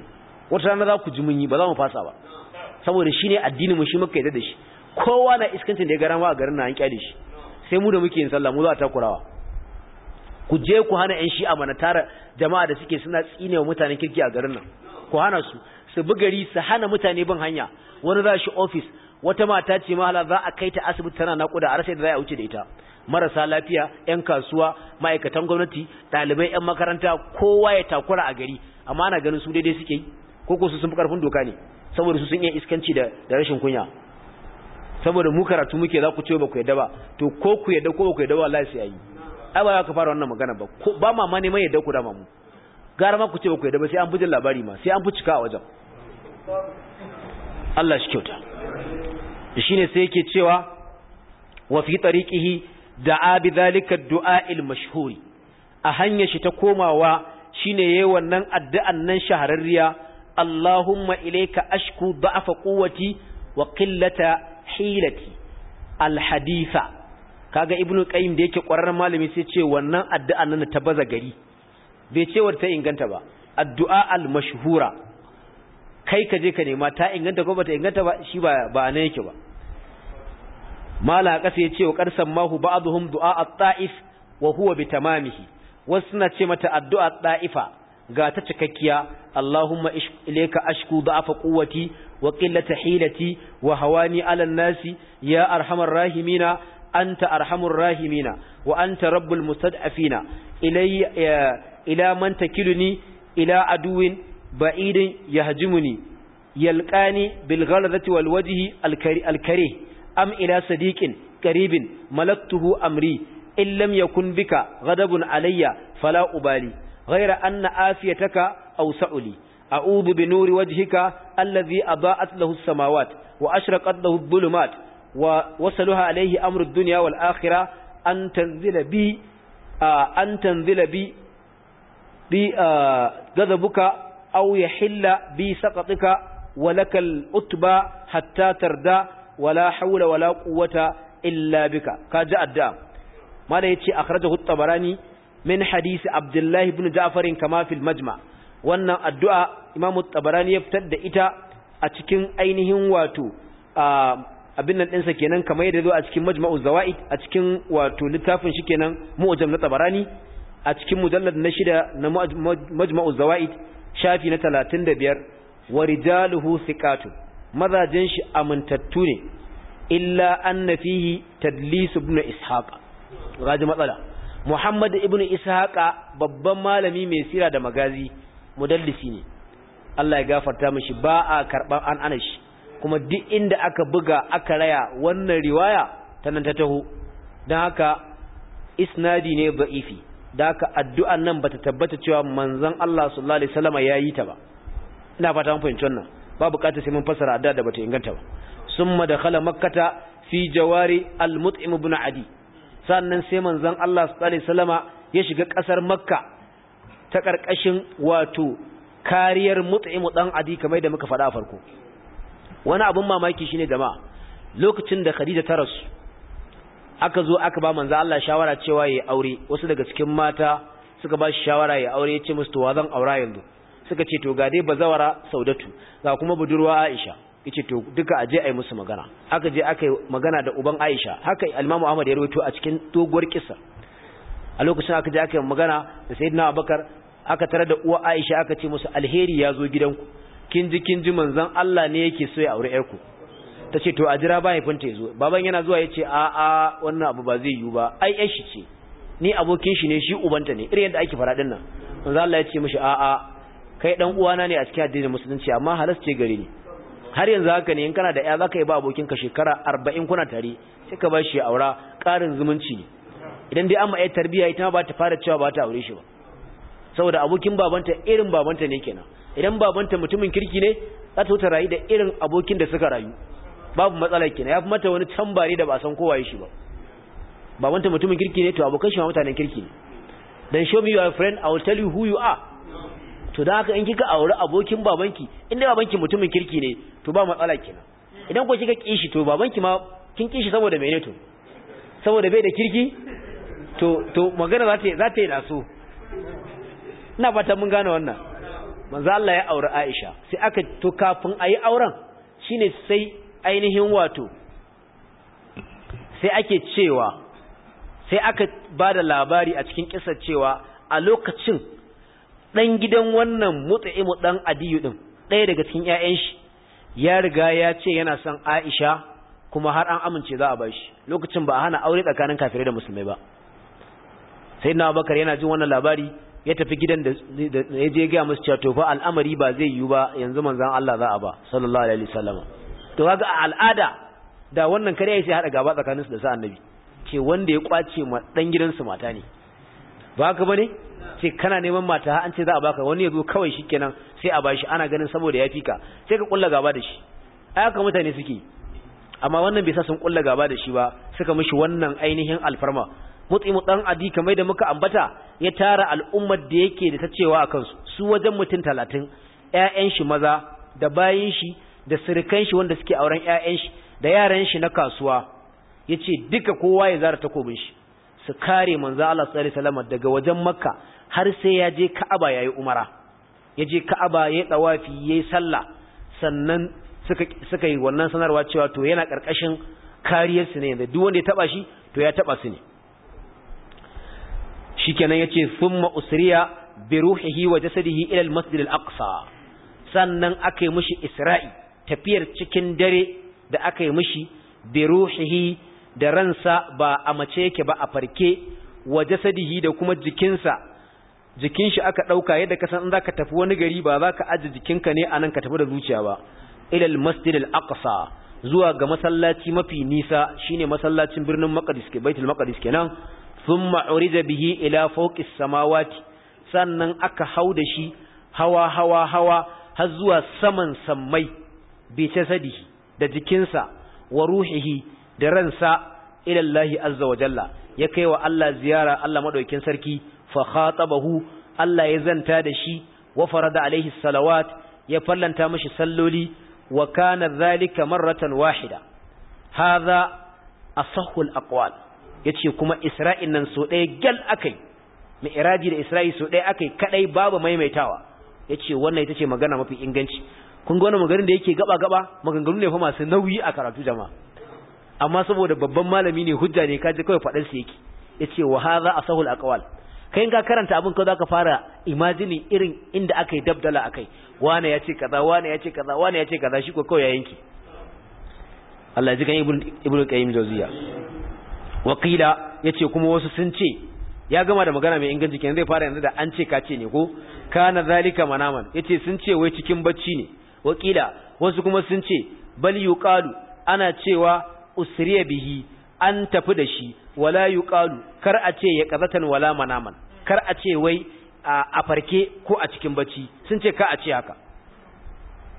wata rana za ku ji mun ba za mu fasa ba saboda shi ne addinin mu shi muka yadda da shi kowa na iskancin da ya garan a garin na an kyale shi sai mu da muke yin sallah mu za ta kurawa ku je ku hana yan shi'a mana tara jama'a da suke suna tsine wa mutanen kirki a garin nan ku hana su su bi gari su hana mutane bin hanya wani za shi ofis. wata mata ce mahala za a kai ta asibiti tana naƙuda a rasa da za a wuce da ita marasa lafiya 'yan kasuwa ma'aikatan gwamnati ɗalibai 'yan makaranta kowa ya takura a gari amma ana ganin su daidai suke yi ko ko su sun fi karfin doka ne saboda su sun iya iskanci da rashin kunya saboda mu karatu muke za ku ce ba ku yadda ba to ko ku yadda ko ba ku yadda ba wallahi sai ayi ai ba za ka fara wannan magana ba ba ma ma neman yadda ku dama mu gara ma ku ce ba ku yadda ba sai an fi jin labari ma sai an fi cika a wajen Allah shi kyauta shine sai yake cewa wa fi tariqihi da'a bi zalika du'a'il mashhuri a hanyar shi ta komawa shine yayi wannan addu'an nan shahararriya Allahumma ilayka ashku da'afa quwwati wa qillata hilati alhaditha kaga ibnu qayyim da yake ƙwararren malami sai ce wannan addu'an nan ta baza gari bai ce wata inganta ba addu'a al-mashhura kai ka je ka nema ta inganta ko bata inganta ba shi ba ba nan yake ba mala kasa ce wa qarsan mahu ba'dhum du'a at-ta'if wa huwa bitamamihi wasu na ce mata addu'a ta'ifa ga ta cikakkiya Allahumma ilayka ashku da'afa quwwati wa qillata hilati wa hawani 'ala nasi ya arhamar rahimina anta arhamur rahimina wa anta rabbul mustad'afina ilayya ila man takiluni ila aduwin ba'idin yahjumuni yalqani bil ghalazati wal wajhi al am ila sadiqin qaribin malaktuhu amri in lam yakun bika ghadabun alayya fala ubali ghayra anna afiyataka aw sa'uli a'udhu bi nuri wajhika alladhi adaa'at lahu as-samawat wa ashraqat lahu adh-dhulumat wa wasaluha alayhi amru ad-dunya wal akhirah an tanzila bi an tanzila bi bi ghadabuka au aw yahilla bi saqatika wa lakal utba hatta tarda wala hawla wala quwwata illa bika kaji adda mala yace akhrajahu at-tabarani min hadisi abdullah ibn ja'far kama majma wannan addu'a imam at-tabarani ya fitar da ita a cikin ainihin wato abin nan ɗinsa kenan kamar yadda zo a cikin majma'u zawa'id a cikin wato littafin shi kenan mu'jam na tabarani a cikin mujallar na shida na majma'u zawa'id shafi na talatin da biyar wa rijaluhu siƙatu mazajen shi amintattu ne illa an na fihi tadlisu ibn ishaq Raji matsala muhammad ibn ishaƙa babban malami mai sira da magazi mudallisi ne Allah ya gafarta mishi ba a karɓar an ana shi kuma duk inda aka buga aka raya wannan riwaya ta nan ta taho don haka isnadi ne ba'ifi da aka addu'an nan ba ta tabbata cewa manzon Allah sallallahu alaihi salama ya yi ta ba ina fata mafi fahimci wannan ba bukatar sai mun fasara da da bata inganta ba summa khala makata, fi jawari al-mut'im ibn adi sannan sai manzan Allah sallallahu alaihi salama ya shiga ƙasar makka ta karkashin wato kariyar mut'im ɗan adi kamar da muka faɗa a farko wani abun mamaki shine jama'a lokacin da khadija ta rasu aka zo aka ba manzo Allah shawara cewa yayi aure wasu daga cikin mata suka ba shi shawara yayi aure yace musu to wa zan aura yanzu suka ce to ga dai bazawara Saudatu ga kuma budurwa Aisha yace to duka aje ayi musu magana aka je aka yi magana da uban Aisha haka Imam Ahmad ya rawaito a cikin doguwar Kisa. a lokacin aka je aka yi magana da Sayyidina Abubakar aka tare da uwa Aisha aka ce musu alheri ya zo gidanku kin ji kin ji manzon Allah ne yake so ya aure yarku ta ce to a jira ba ya zo baban yana zuwa ya ce a wannan abu ba zai yiwu ba ai shi ce ni abokin shi ne shi ubanta ne irin yadda ake fara din nan manzo Allah ya ce mishi a'a kai dan uwana ne a cikin addinin musulunci amma halas ce gare ni har yanzu haka ne in kana da ya zaka yi ba abokin ka shekara 40 kuna tare sai ka bashi ya aura karin zumunci ne idan dai amma ai tarbiyya ita ba ta fara cewa ba ta aure shi ba saboda abokin babanta irin babanta ne kenan idan babanta mutumin kirki ne za ta rayu da irin abokin da suka rayu babu matsala kenan yafi mata wani tambari da ba san kowa yi shi ba babanta mutumin kirki ne to abokan shi ma mutanen kirki ne dan show me your friend i will tell you who you are to dan haka in kika aure abokin babanki inda babanki mutumin kirki ne to ba matsala kenan idan ko kika kishi to babanki ma kin kishi saboda me ne to saboda bai da kirki to to magana za ta za ta yi da so ina fata mun gane wannan manzo Allah ya aure Aisha sai aka to kafin ayi auren shine sai ainihin wato sai ake cewa sai aka ba da labari a cikin kisar cewa a lokacin ɗan gidan wannan mutu'imu ɗan adiyu ɗin ɗaya daga cikin 'ya'yan shi ya riga ya ce yana son aisha kuma har an amince za a ba shi lokacin ba a hana aure tsakanin kafirai da musulmai ba sai na bakar yana jin wannan labari ya tafi gidan da ya je gaya masu cewa tofa al'amari ba zai yiwu ba yanzu manzan Allah za a ba sallallahu alaihi wasallam to kaga a al'ada da wannan kare sai hada gaba tsakanin su da sa annabi ce wanda ya kwace ma dan gidansu mata ne ba ka bane ce kana neman mata an ce za a baka wani zo kawai shikenan sai a bashi ana ganin saboda ya ka, sai ka kulla gaba da shi ai haka mutane suke amma wannan bai sa sun kulla gaba da shi ba suka mishi wannan ainihin alfarma mutsimu dan adi kamar da muka ambata ya tara al'ummar da yake da ta cewa a kansu su wajen mutum talatin 'ya'yan shi maza da bayan shi da sirikan shi wanda suke auren ƴaƴan shi da yaran shi na kasuwa yace duka kowa ya zara takobin shi su kare manzo Allah sallallahu alaihi wasallam daga wajen Makka har sai ya je Ka'aba yayi umara ya je Ka'aba yayi tawafi yayi sallah sannan suka suka yi wannan sanarwa cewa to yana karkashin kariyar su ne da duk wanda ya taba shi to ya taba su ne shikenan yace thumma usriya bi ruhihi wa jasadihi ila al-masjid al-aqsa sannan akai mushi isra'i tafiyar cikin dare da aka yi mishi bi ruhihi da ransa ba a mace yake ba a farke wa jasadihi da kuma jikinsa jikin shi aka ɗauka yadda ka san zaka tafi wani gari ba za ka aje jikinka ne anan ka tafi da zuciya ba Ilal al-masjid al-aqsa zuwa ga masallaci mafi nisa shine masallacin birnin Maqdis ke Baitul Maqdis kenan thumma urija bihi ila fawqis samawati sannan aka hau da shi hawa hawa hawa har zuwa saman sammai bi da jikinsa wa ruhihi da ransa ila Allah azza wa jalla ya kai wa Allah ziyara Allah madaukin sarki fa khatabahu Allah ya zanta da shi wa farada alaihi salawat ya fallanta mishi salloli wa kana kamar marratan wahida hadha asahhul aqwal yace kuma Isra'il nan so ɗaya gal akai mi'raji da Isra'il so ɗaya akai kadai babu maimaitawa yace wannan ita ce magana mafi inganci kun ga wannan magarin da yake gaba gaba maganganu ne fa masu nauyi a karatu jama'a amma saboda babban malami ne hujja ne kaje kawai faɗar shi yake yace wa hadha asahul aqwal kai in ka karanta abin ka zaka fara imajini irin inda aka yi dabdala akai wane ya ce kaza wane ya ce kaza wane ya kaza shi ko kawai ya Allah ji kan ibnu qayyim jawziya wa qila yace kuma wasu sun ce ya gama da magana mai inganci kenan zai fara yanzu da an ce ka ce ne ko kana zalika manaman yace sun ce wai cikin bacci ne wakila wasu kuma sun ce bal yuqalu ana cewa usriya bihi an tafi da shi wala yuqalu kar a ce ya qazatan wala manaman kar a ce wai a farke ko a cikin bacci sun ce ka a ce haka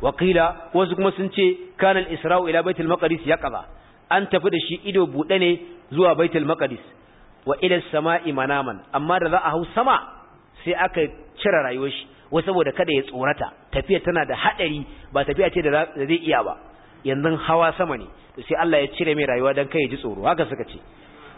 wakila wasu kuma sun ce kana al-isra'u ila baitul maqdis kaza an tafi da shi ido bude ne zuwa baitul maqdis wa ila samai manaman amma da za a hau sama sai aka cire rayuwar shi wai saboda kada ya tsorata tafiya tana da hadari ba tafiya ce da zai iya ba yanzu hawa sama ne to sai Allah ya cire mai rayuwa dan kai ya ji tsoro haka suka ce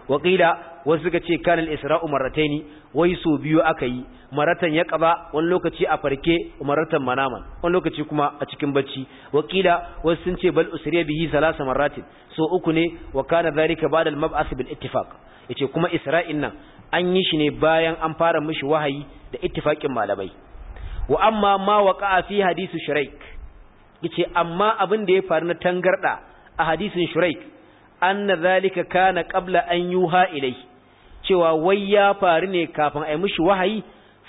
waƙila wasu suka ce kanal isra'u marataini wai so biyu aka yi maratan ya ƙaba wani lokaci a farke maratan manaman wani lokaci kuma a cikin bacci Wakila wasu sun ce bal usriya bihi salasa maratin so uku ne wa kana zalika ba'da al mab'as bil ittifaq yace kuma isra'in nan an yi shi ne bayan an fara mishi wahayi da ittifaqin malamai wa amma ma waqa'a fi hadisi shuraik yace amma abin da ya faru na tangarda a hadisin shuraik anna zalika kana qabla an yuha ilai cewa wai ya faru ne kafin ai mishi wahayi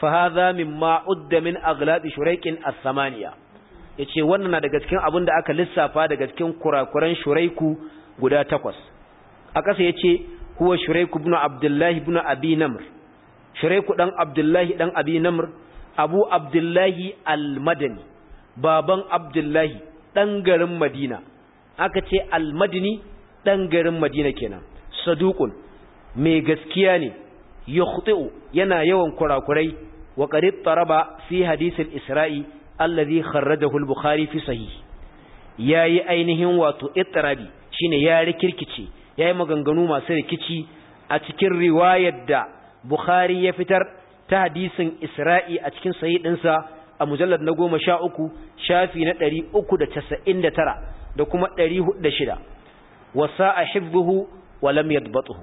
fa hadha mimma udda min aghlab shuraikin as-samaniya yace wannan na daga cikin abin da aka lissafa daga cikin kurakuran shuraiku guda takwas a ƙasa yace huwa shuraiku ibn abdullahi ibn abi namr shuraiku dan abdullahi dan abi namr abu abdullahi al-madani baban abdullahi ɗan garin madina aka ce al-madani ɗan garin madina kenan Saduƙun, mai gaskiya ne yukhti'u yana yawan kurakurai wa qarib taraba fi hadith israi alladhi kharrajahu al-bukhari fi sahih yayi ainihin wato shi shine ya rikirkice yi maganganu masu rikici a cikin riwayar da bukhari ya fitar ta hadisin Isra'i a cikin sahih dinsa a mujallad na 13 shafi na 399 da kuma 406 wasa ahibbuhu wa lam yadbathu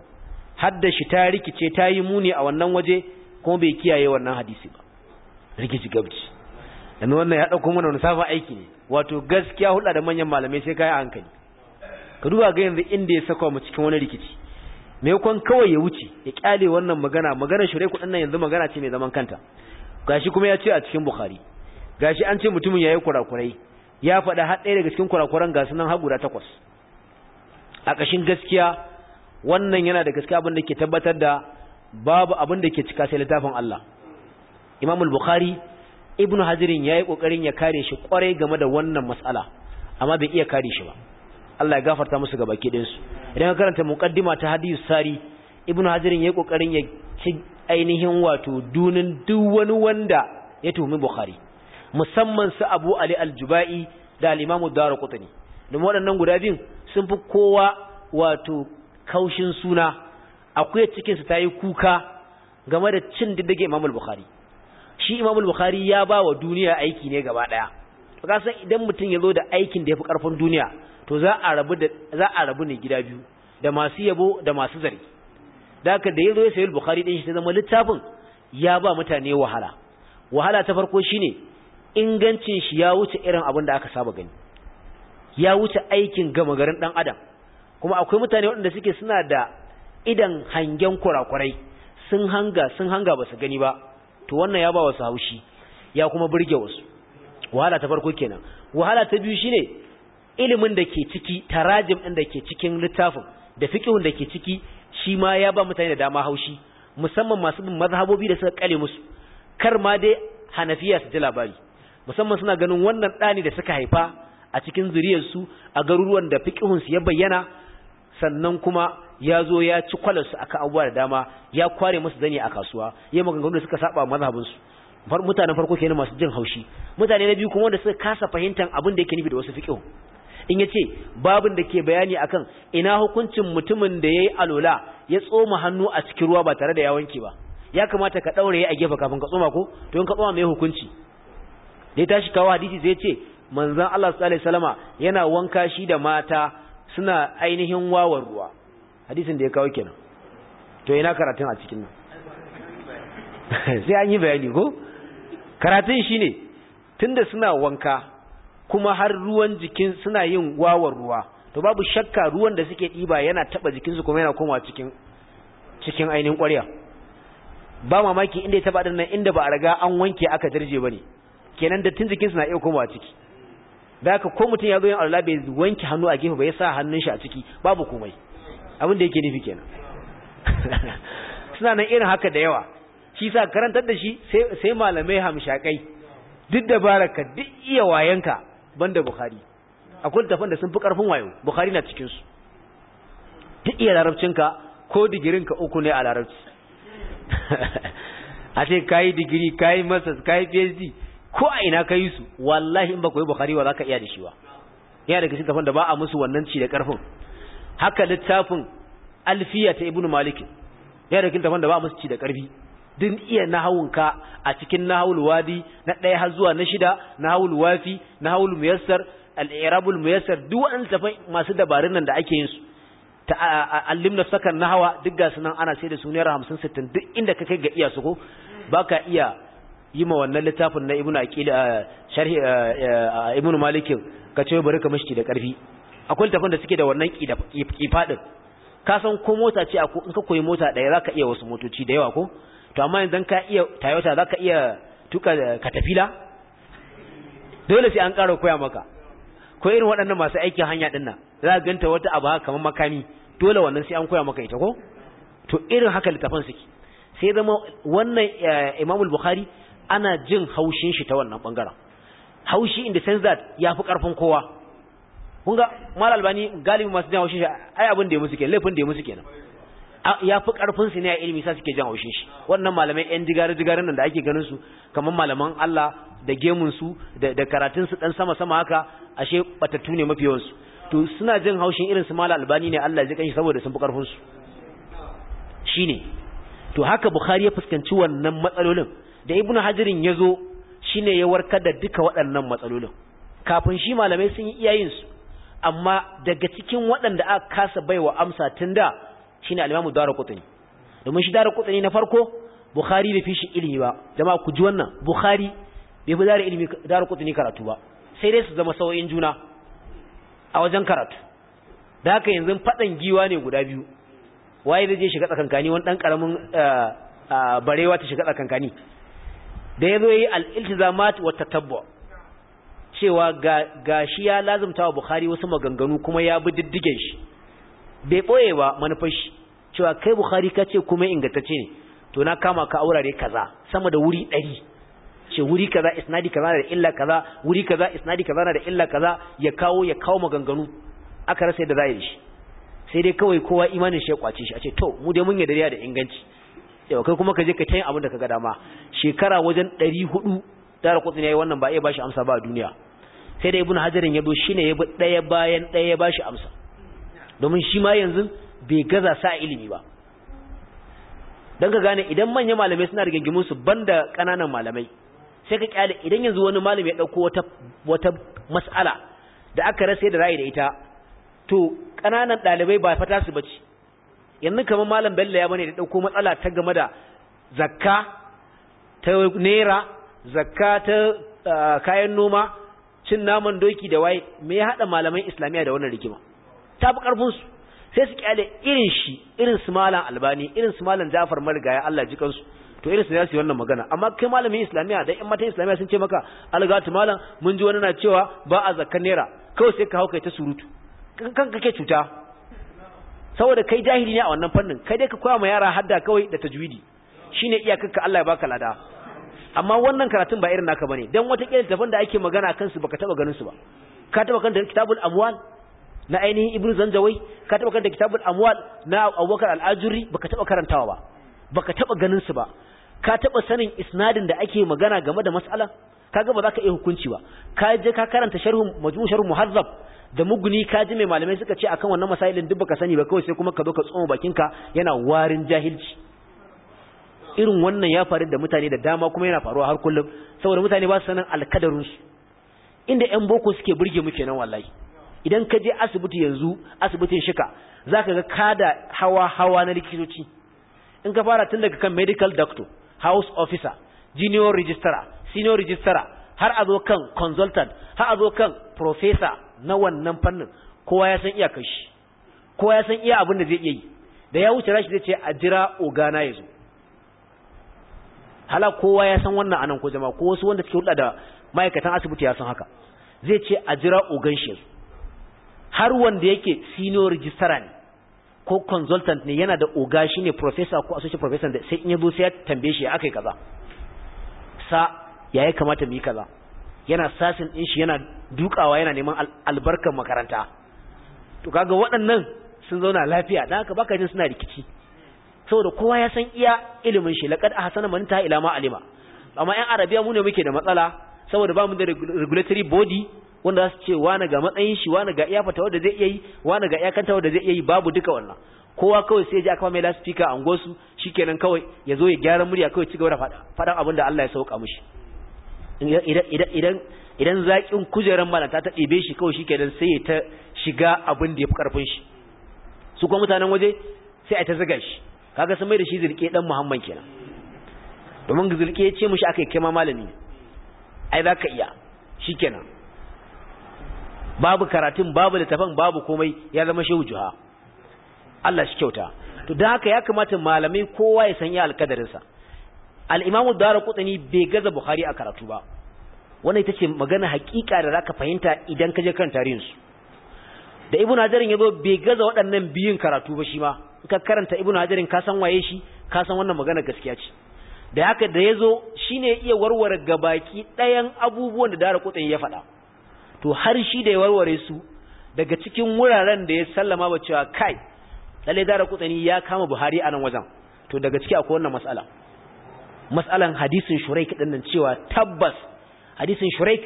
hadda shi ta rikice ta yi muni a wannan waje kuma bai kiyaye wannan hadisi ba rikici gabci wannan ya dauko mana musafin aiki ne wato gaskiya hulɗa da manyan malamai sai kai a hankali ka duba ga yanzu inda ya saka mu cikin wani rikici maimakon kawai ya wuce ya kyale wannan magana maganar shirai kudin nan yanzu magana ce mai zaman kanta gashi kuma ya ce a cikin bukhari gashi an ce mutumin ya yayi kurakurai ya faɗa har ɗaya daga cikin kurakuran gasu nan har guda takwas a ƙashin gaskiya wannan yana da gaskiya abin da ke tabbatar da babu abin da ke cika sai littafin Allah Imamul bukhari Ibn Hajarin yi kokarin ya kare shi kwarai game da wannan mas'ala amma bai iya kare shi ba Allah ya gafarta musu ga baki ɗinsu idan ka karanta muqaddima ta hadisi sari ibnu ya yayi kokarin ya ci ainihin wato dunin duk wani wanda ya tuhumi bukhari musamman su abu ali al-jubai da al-imamu daruqutni domin waɗannan guda biyun sun fi kowa wato kaushin suna akwai cikin su tayi kuka game da cin diddige imamul bukhari shi imamul bukhari ya ba wa duniya aiki ne gaba daya ka san idan mutum ya zo da aikin da ya fi ƙarfin duniya to za a rabu ne gida biyu da masu yabo da masu zargi da da ya zo ya sayi bukhari din shi ta zama littafin ya ba mutane wahala wahala ta farko shine ingancin shi ya wuce irin abin da aka saba gani ya wuce aikin gama garin dan adam kuma akwai mutane waɗanda suke suna da idan hangen kurakurai sun hanga sun hanga ba su gani ba to wannan ya ba wasu haushi ya kuma burge wasu wahala ta farko kenan wahala ta biyu shine ilimin da ke ciki tarajim din da ke cikin littafin da fiqhun da ke ciki shi ma ya ba mutane da dama haushi musamman masu bin mazhabobi da suka kale musu kar ma dai hanafiya su ji labari musamman suna ganin wannan ɗani da suka haifa a cikin zuriyar su a garuruwan da fiƙihunsu ya bayyana sannan kuma ya zo ya ci su akan abubuwa da dama ya kware musu zani a kasuwa ya maganganu da suka saba mazhabinsu mutanen farko kenan masu jin haushi mutane na biyu kuma wanda suka kasa fahimtar abin da yake nufi da wasu fiqh in yace babin da ke bayani akan ina hukuncin mutumin da yayi alola ya tsoma hannu a cikin ruwa ba tare da ya wanke ba ya kamata ka daure a gefe kafin ka tsoma ko to in ka tsoma mai hukunci da ya tashi kawo hadisi zai ce manzon Allah sallallahu alaihi wasallama yana wanka shi da mata suna ainihin wawar ruwa hadisin da ya kawo kenan to ina karatun a cikin nan sai an yi bayani ko karatun shi shine tunda suna wanka kuma har ruwan jikin suna yin wawar ruwa to babu shakka ruwan da suke ɗiba yana taɓa jikinsu kuma yana komawa cikin cikin ainihin ƙwarya ba mamaki inda ya taɓa ɗin nan inda ba a riga an wanke aka jirje ba ne kenan da tun jikinsu na iya komawa ciki da haka ko mutum ya zo yin alwala bai wanke hannu a gefe ba ya sa hannun shi a ciki babu komai abin da yake nufi kenan suna nan irin haka da yawa shi sa karantar da shi sai malamai hamshakai duk da baraka duk iya wayanka banda bukhari akwai tafan da sun fi karfin wayo bukhari na cikin su duk iya larabcinka ko digirin ka uku ne a larabci a ce kayi digiri kayi ka kayi phd ko a ina kayi su wallahi in ba ku yi bukhari ba za ka iya da shi ba yana daga cikin tafan da ba a musu wannan ci da karfin haka littafin alfiya ta ibnu malik yana daga cikin tafan da ba a musu ci da karfi din iya nahawunka a cikin nahawul wadi na ɗaya har zuwa na shida nahawul wafi nahawul muyassar al-i'rabul muyassar duk wannan tafai masu dabarun nan da ake yin su ta allimna sakan nahawa duk ga sunan ana sai da su naira 50 60 duk inda ka kai ga iya su ko baka iya yi ma wannan littafin na ibnu aqil sharhi ibnu malik ka ce bari ka mishi da karfi akwai littafin da suke da wannan kifadin ka san ko mota ce in ka koyi mota ɗaya zaka iya wasu motoci da yawa ko to amma idan ka iya Toyota zaka iya tuka katafila dole sai an ƙara koya maka ko irin waɗannan masu aikin hanya din nan za ka ganta wata abu haka kamar makami dole wannan sai an koya maka ita ko to irin haka littafan suke sai zama wannan eh, Imam Bukhari ana jin haushin shi ta wannan bangaren haushi in the sense that yafi karfin kowa kun ga mal albani galibi masu jin haushin shi ai abin da ya musu kenan laifin da ya musu kenan ya fi karfin su ne a ilimi sa suke jan haushe shi wannan malamai yan digari digarin nan da ake ganin su kamar malaman Allah da gemun su da karatun su dan sama sama haka ashe batattu ne mafi yawansu to suna jin haushin irin su mala albani ne Allah zai kanshi saboda sun fi karfin su shine to haka bukhari ya fuskanci wannan matsalolin da ibnu hajirin ya zo shine ya warkar da duka waɗannan matsalolin kafin shi malamai sun yi iyayensu amma daga cikin waɗanda aka kasa baiwa amsa tun da shine al-Imam Darqutni domin shi Darqutni na farko Bukhari bai fi shi ilimi ba jama'a ku ji wannan Bukhari bai fi zara ilimi Darqutni karatu ba sai dai su zama sauyin juna a wajen karatu da haka yanzu fadan giwa ne guda biyu waye zai je shiga tsakankani wani dan karamin eh, eh, barewa ta shiga tsakankani da yazo yayi al-iltizamat wa tatabbu cewa ga shi ya lazumta wa Bukhari wasu maganganu kuma ya bi diddigen shi bai ɓoye ba manufar shi cewa kai bukhari ka ce kuma ingantacce ne to na kama ka aurare kaza sama da wuri ɗari ce wuri kaza isnadi kaza da illa kaza wuri kaza isnadi kaza na da illa kaza ya kawo ya kawo maganganu aka rasa yadda za yi shi sai dai kawai kowa imanin shi ya kwace shi a ce to mu dai mun yadda da inganci Yau kai kuma ka je ka tayin abin da ka ga dama shekara wajen hudu dara ya yi wannan ba iya bashi amsa ba a duniya sai dai ibnu hajarin ya zo shine ya bi ɗaya bayan ɗaya ya bashi amsa domin shi ma yanzu bai gaza sa ilimi ba don ka gane idan manyan malamai suna rigingimin su banda ƙananan malamai sai ka kyale idan yanzu wani malami ya ɗauko wata wata mas'ala da aka rasa da ra'ayi da ita to ƙananan ɗalibai ba fata su bace yanzu kamar malam bello ya bane da ɗauko matsala ta game da zakka ta naira zakka ta ah, kayan noma cin naman doki da waye me ya haɗa malaman islamiyya da wannan rigima ta fi karfin su sai su kyale irin shi irin su malam albani irin su malam jafar marigaya Allah ji kansu to irin su yi wannan magana amma kai malamin islamiya dan in matan islamiya sun ce maka algatu malam mun ji wani na cewa ba a zakka naira kawai sai ka hauka ta surutu kan kake cuta saboda kai jahili ne a wannan fannin kai dai ka koya ma yara hadda kawai da tajwidi shine iyakarka Allah ya baka lada amma wannan karatun ba irin naka bane dan wata kila tafin da ake magana kan su baka taba ganin su ba ka taba kan kitabul abwal na ainihin ibnu zanjawai ka taba karanta kitabul amwal na abubakar al-ajuri baka taba karantawa ba baka taba ganin su ba ka taba sanin isnadin da ake magana game da mas'ala kaga ba za ka iya hukunci ba ka je ka karanta sharhu majmu sharh muhazzab da muguni ka ji mai malamai suka ce akan wannan masailin duk baka sani ba kawai sai kuma ka zo ka tsoma bakinka yana warin jahilci irin wannan ya faru da mutane da dama kuma yana faruwa har kullum saboda mutane ba su sanin su. inda 'yan boko suke burge muke nan wallahi idan ka je asibiti yanzu asibitin shika za ka ga kada hawa-hawa na likitoci in ka fara tun daga kan medical doctor house officer junior registrar senior registrar har a zo kan consultant har a zo kan professor na wannan fannin kowa ya san iyakar shi kowa ya san iya abin da zai iya yi da ya wuce rashi zai ce a jira ogana ya zo hala kowa ya san wannan anan ko jama'a ko wasu wanda suke hulɗa da ma'aikatan asibiti ya san haka zai ce a jira ogan shi ya zo har wanda yake senior registrar ne ko consultant ne yana da oga shi ne professor ko associate professor da sai in ya sai ya tambaye shi ya aka yi kaza sa ya yi kamata mu yi kaza yana sasin din shi yana dukawa yana neman albarkar makaranta to kaga waɗannan sun zauna lafiya dan haka baka jin suna rikici saboda kowa ya san iya ilimin shi laqad ahsana man ta ila ma alima amma yan arabiya mu ne muke da matsala saboda ba mu da regulatory body wanda za su ce wani ga matsayin shi wani ga iya fata wanda zai iya yi wani ga iyakanta wanda zai iya yi babu duka wannan kowa kawai sai ya ji aka mai laspika a unguwarsu shikenan kawai ya zo ya gyara murya kawai ci gaba da faɗan abin da Allah ya sauka mushi. idan idan zaƙin kujerar malanta ta ɗebe shi kawai shikenan sai ya ta shiga abin da ya fi ƙarfin shi su kuma mutanen waje sai a ta zaga shi kaga sun mai da shi zilƙe dan muhammad kenan domin zilƙe ya ce mushi aka yi kema malami ai za ka iya shikenan babu karatun babu littafan babu komai ya zama shehu juha Allah shi kyauta to da haka ya kamata malamai kowa ya san sanya alkadarinsa al-imamu darqutni bai gaza bukhari a karatu ba wannan ita ce magana hakika da zaka fahimta idan ka je kan tarihin su da ibnu ya yazo bai gaza waɗannan biyun karatu ba shi ma in ka karanta ibnu hajarin ka san waye shi ka san wannan magana gaskiya ce da haka da yazo shine iya warware gabaki ɗayan abubuwan da darqutni ya faɗa to har shi da ya warware su daga cikin wuraren da ya sallama ba cewa kai lalle da kutsani ya kama buhari a nan wajen to daga ciki akwai wannan mas'ala matsalan hadisin shuraik din nan cewa tabbas hadisin shuraik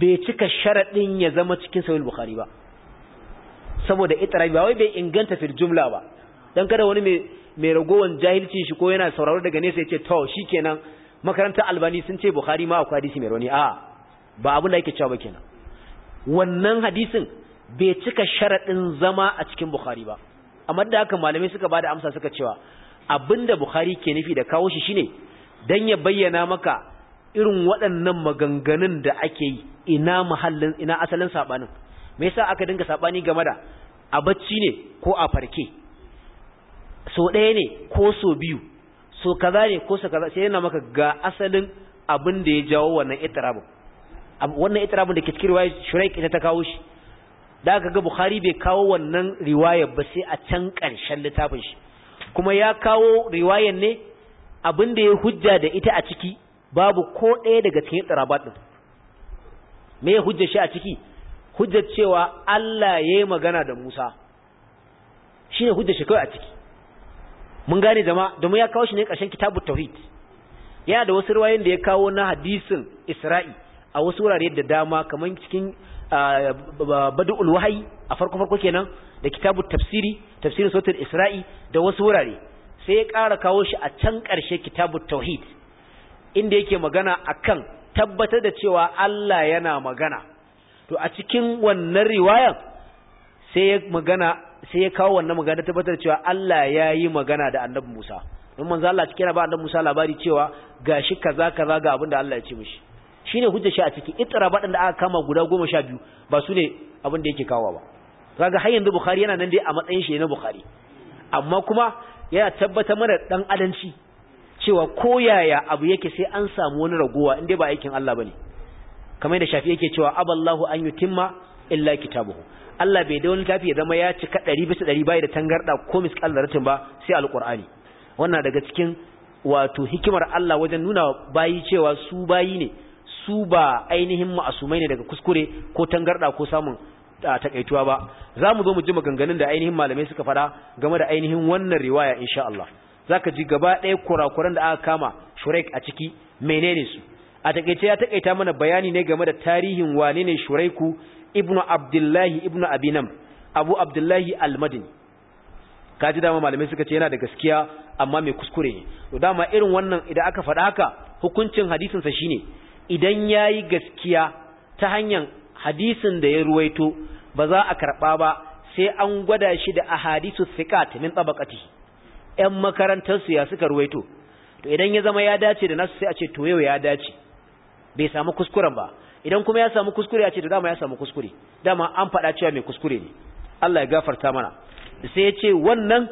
bai cika sharadin ya zama cikin sahih bukhari ba saboda itirabi ba wai bai inganta fil jumla ba dan kada wani mai mai ragowan jahilcin shi ko yana sauraro daga nesa yace to shikenan makarantar albani sun ce bukhari ma akwai hadisi mai rauni a ba abin da yake cewa ba kenan wannan hadisin bai cika sharaɗin zama a cikin bukhari ba amma da haka malamai suka bada amsa suka cewa abinda bukhari ke nufi da kawo shi shine dan ya bayyana maka irin waɗannan maganganun da ake yi ina mahallin ina asalin sabanin me yasa aka dinga sabani game da a bacci ne ko a farke so ɗaya ne ko so biyu so kaza ne ko so kaza sai yana maka ga asalin abin da ya jawo wannan itirabin wannan rabin da ke cikin riwaya shuraik ita ta kawo shi da aka ga bukhari bai kawo wannan riwaya ba sai a can ƙarshen littafin shi kuma ya kawo riwayar ne abin da ya hujja da ita a ciki babu ko ɗaya daga cikin itirabat ɗin me ya hujja shi a ciki hujjar cewa Allah ya yi magana da Musa shine hujjar shi kawai a ciki mun gane zama. domin ya kawo shi ne ƙarshen kitabut tauhid yana da wasu riwayoyin da ya kawo na hadisin Isra'i a wasu wurare da dama kamar cikin badul wahayi a farko farko kenan da kitabut tafsiri tafsirin sautul isra'i da wasu wurare sai ya kara kawo shi a can karshe kitabut tauhid inda yake magana akan tabbatar da cewa Allah yana magana to a cikin wannan riwaya sai ya magana sai ya kawo wannan magana tabbatar da cewa Allah ya yi magana da annabi Musa don manzo Allah cikin ba annabi Musa labari cewa gashi kaza kaza ga abin Allah ya ce mishi Shi ne hujjar shi a ciki itra baɗin da aka kama guda goma sha biyu ba su ne abin da yake kawo ba kaga har yanzu bukhari yana nan dai a matsayin shi na bukhari amma kuma yana tabbatar mana dan adanci cewa koyaya abu yake sai an samu wani ragowa inda ba aikin Allah bane kamar da shafi yake cewa aballahu an yutimma illa kitabuhu Allah bai da wani tafi ya zama ya cika 100 bisa 100 bai da tangarda ko miskal ba sai alqur'ani wannan daga cikin wato hikimar Allah wajen nuna bayi cewa su bayi ne su ba ainihin ma'asumai ne daga kuskure ko tangarda ko samun takaituwa ba za mu zo mu ji maganganun da ainihin malamai suka fada game da ainihin wannan riwaya insha Allah Za ka ji gaba ɗaya kurakuran da aka kama shurek a ciki menene su a takaice ya takaita mana bayani ne game da tarihin wane ne shuraiku ibnu abdullahi ibnu abinam abu abdullahi almadini ji dama malamai suka ce yana da gaskiya amma mai kuskure ne to dama irin wannan idan aka faɗa haka hukuncin hadisin sa shine idan ya yi gaskiya ta hanyar hadisin da ya ruwaito ba za a karɓa ba sai an gwada shi da hadisu sikat min tabaqati ‘yan makarantarsu ya suka ruwaito to idan ya zama ya dace da nasu sai a ce to yau ya dace bai samu kuskuren ba idan kuma ya samu kuskure ya ce to dama ya samu kuskure dama an faɗa cewa mai kuskure ne Allah ya gafarta mana sai ya ce wannan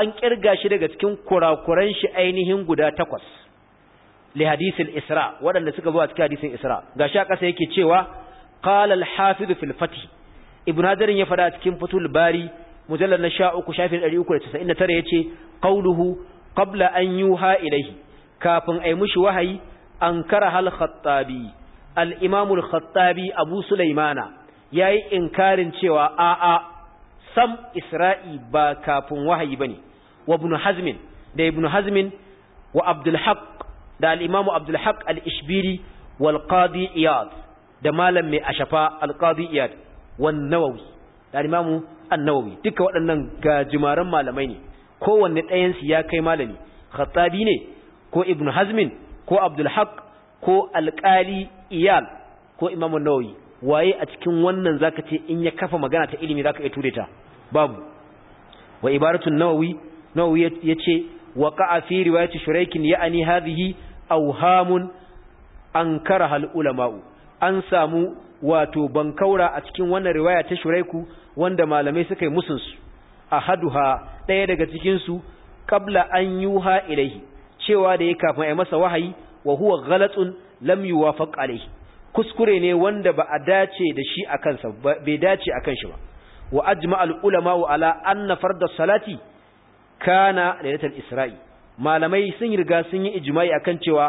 an kirga shi daga cikin kurakuran shi ainihin guda takwas li isra waɗanda suka zuwa a cikin hadisin isra ga a ƙasa yake cewa qala hafizu hafiz fil ibn hajar ya fada cikin fatul bari mujallar na 13 shafin 399 yace qawluhu kabla an ha ilayhi kafin ay mushi wahayi ankara hal khattabi al imamul khattabi abu sulaimana yayi inkarin cewa A'a sam isra'i ba kafin wahayi bane wa ibn hazmin da ibn hazmin wa abdul haq. da al-Imam Abdul Haq ishbiri Iyad da malam mai Ashafa al-Qadi Iyad wan da al-Imam duka waɗannan gajimaran malamai ne kowanne ɗayan su ya kai malami Khattabi ne ko Ibn Hazmin ko Abdul Haq ko alƙali Iyal ko Imam nawawi waye a cikin wannan zaka ce in ya kafa magana ta ilimi zaka iya ture ta babu wa ibaratun nawawi nawawi yace waqa'a fi riwayati shuraikin ya'ani hadhihi auhamun ankara hal ulama'u an samu wato bankaura a cikin wannan riwaya ta shuraiku wanda malamai suka yi musun a haduha ɗaya daga cikin su qabla an yuha ilaihi cewa da ya kafin ai masa wahayi wa huwa ghalatun lam yuwafaq alaihi kuskure ne wanda ba a dace da shi a kansa bai dace akan shi ba wa ajma al ulama ala na farda salati kana lailatul isra'i malamai sun riga sun yi ijma'i akan cewa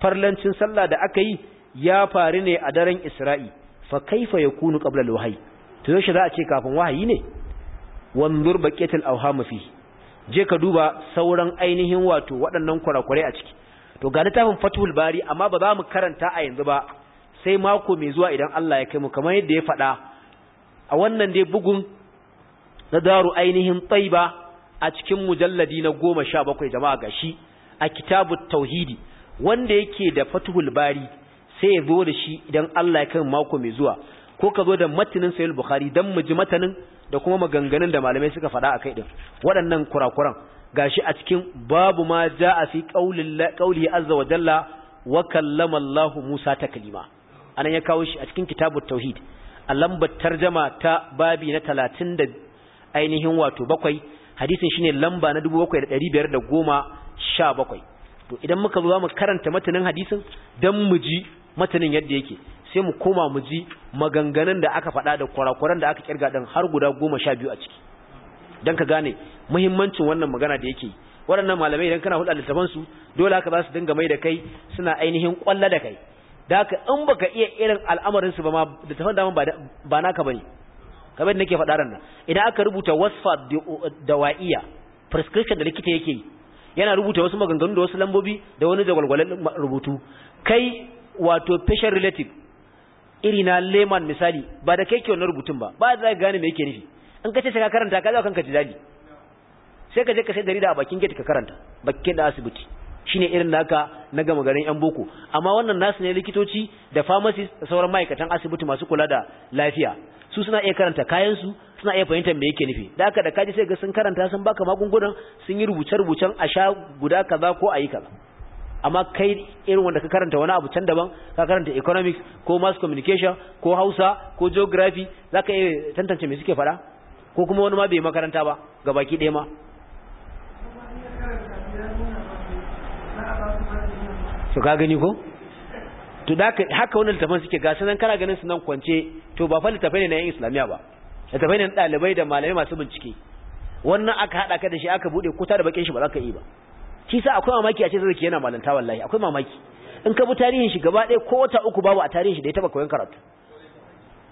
farlancin sallah da aka yi ya faru ne a daren Isra'i fa kaifa yakunu qabla al-wahyi to yaushe za a ce kafin wahayi ne wanzur baqiyatul awham fi je ka duba sauran ainihin wato waɗannan kurakurai a ciki to ga littafin fathul bari amma ba za mu karanta a yanzu ba sai mako mai zuwa idan Allah ya kai mu kamar yadda ya faɗa a wannan dai bugun na daru ainihin ba. a cikin mujalladi na goma sha bakwai jama'a ga shi a kitabu tauhidi wanda yake da fatuhul bari sai ya zo da shi idan Allah ya kai mako mai zuwa ko ka zo da matanin sayil bukhari dan mu ji matanin da kuma maganganun da malamai suka faɗa akai din waɗannan kurakuran gashi a cikin babu ma jaa fi qauli azza wa jalla wa kallama Allah Musa taklima anan ya kawo shi a cikin kitabut tauhid a lambar tarjama ta babi na 30 da ainihin wato bakwai hadisin shine lamba na 7517 to idan muka zo mu karanta matanin hadisin dan mu ji matanin yadda yake sai mu koma mu ji maganganun da aka faɗa da kwarakwaran da aka kirga din har guda 12 a ciki dan ka gane muhimmancin wannan magana da yake waɗannan malamai idan kana hulɗa taban su dole aka za su dinga mai da kai suna ainihin kwalla da kai da haka in baka iya irin al'amarin su ba ma taban da ba naka bane kamar da nake faɗa ran nan idan aka rubuta wasfa dawa'iya prescription da likita yake yi yana rubuta wasu maganganu da wasu lambobi da wani jagwalgwalan rubutu kai wato patient relative iri na layman misali ba da kai ke wannan rubutun ba ba za ka gane me yake nufi in ka ce sai ka karanta ka zo kanka ji dadi sai ka je ka sai jarida a bakin gate ka karanta bakin da asibiti shine irin naka na gama garin yan boko amma wannan nasu ne likitoci da pharmacist da sauran ma'aikatan asibiti masu kula da lafiya su suna iya karanta kayan su suna iya fahimtar me yake nufi da haka da kaji sai ga sun karanta sun baka magungunan sun yi rubuce rubucen a sha guda kaza ko ayi kaza amma kai irin wanda ka karanta wani abu can daban ka karanta economics ko mass communication ko hausa ko geography zaka iya tantance me suke fada ko kuma wani ma bai makaranta ba gabaki ɗaya ma su ka gani ko to haka wannan littafin suke ga sanan kana ganin su nan kwance to ba fa littafai ne na yan islamiya ba littafai ne na dalibai da malamai masu bincike wannan aka hada ka da shi aka bude kuta da bakin shi ba za ka yi ba shi sa akwai mamaki a ce zai yana malanta wallahi akwai mamaki in ka bi tarihin shi gaba ɗaya ko wata uku babu a tarihin shi da ya taba koyon karatu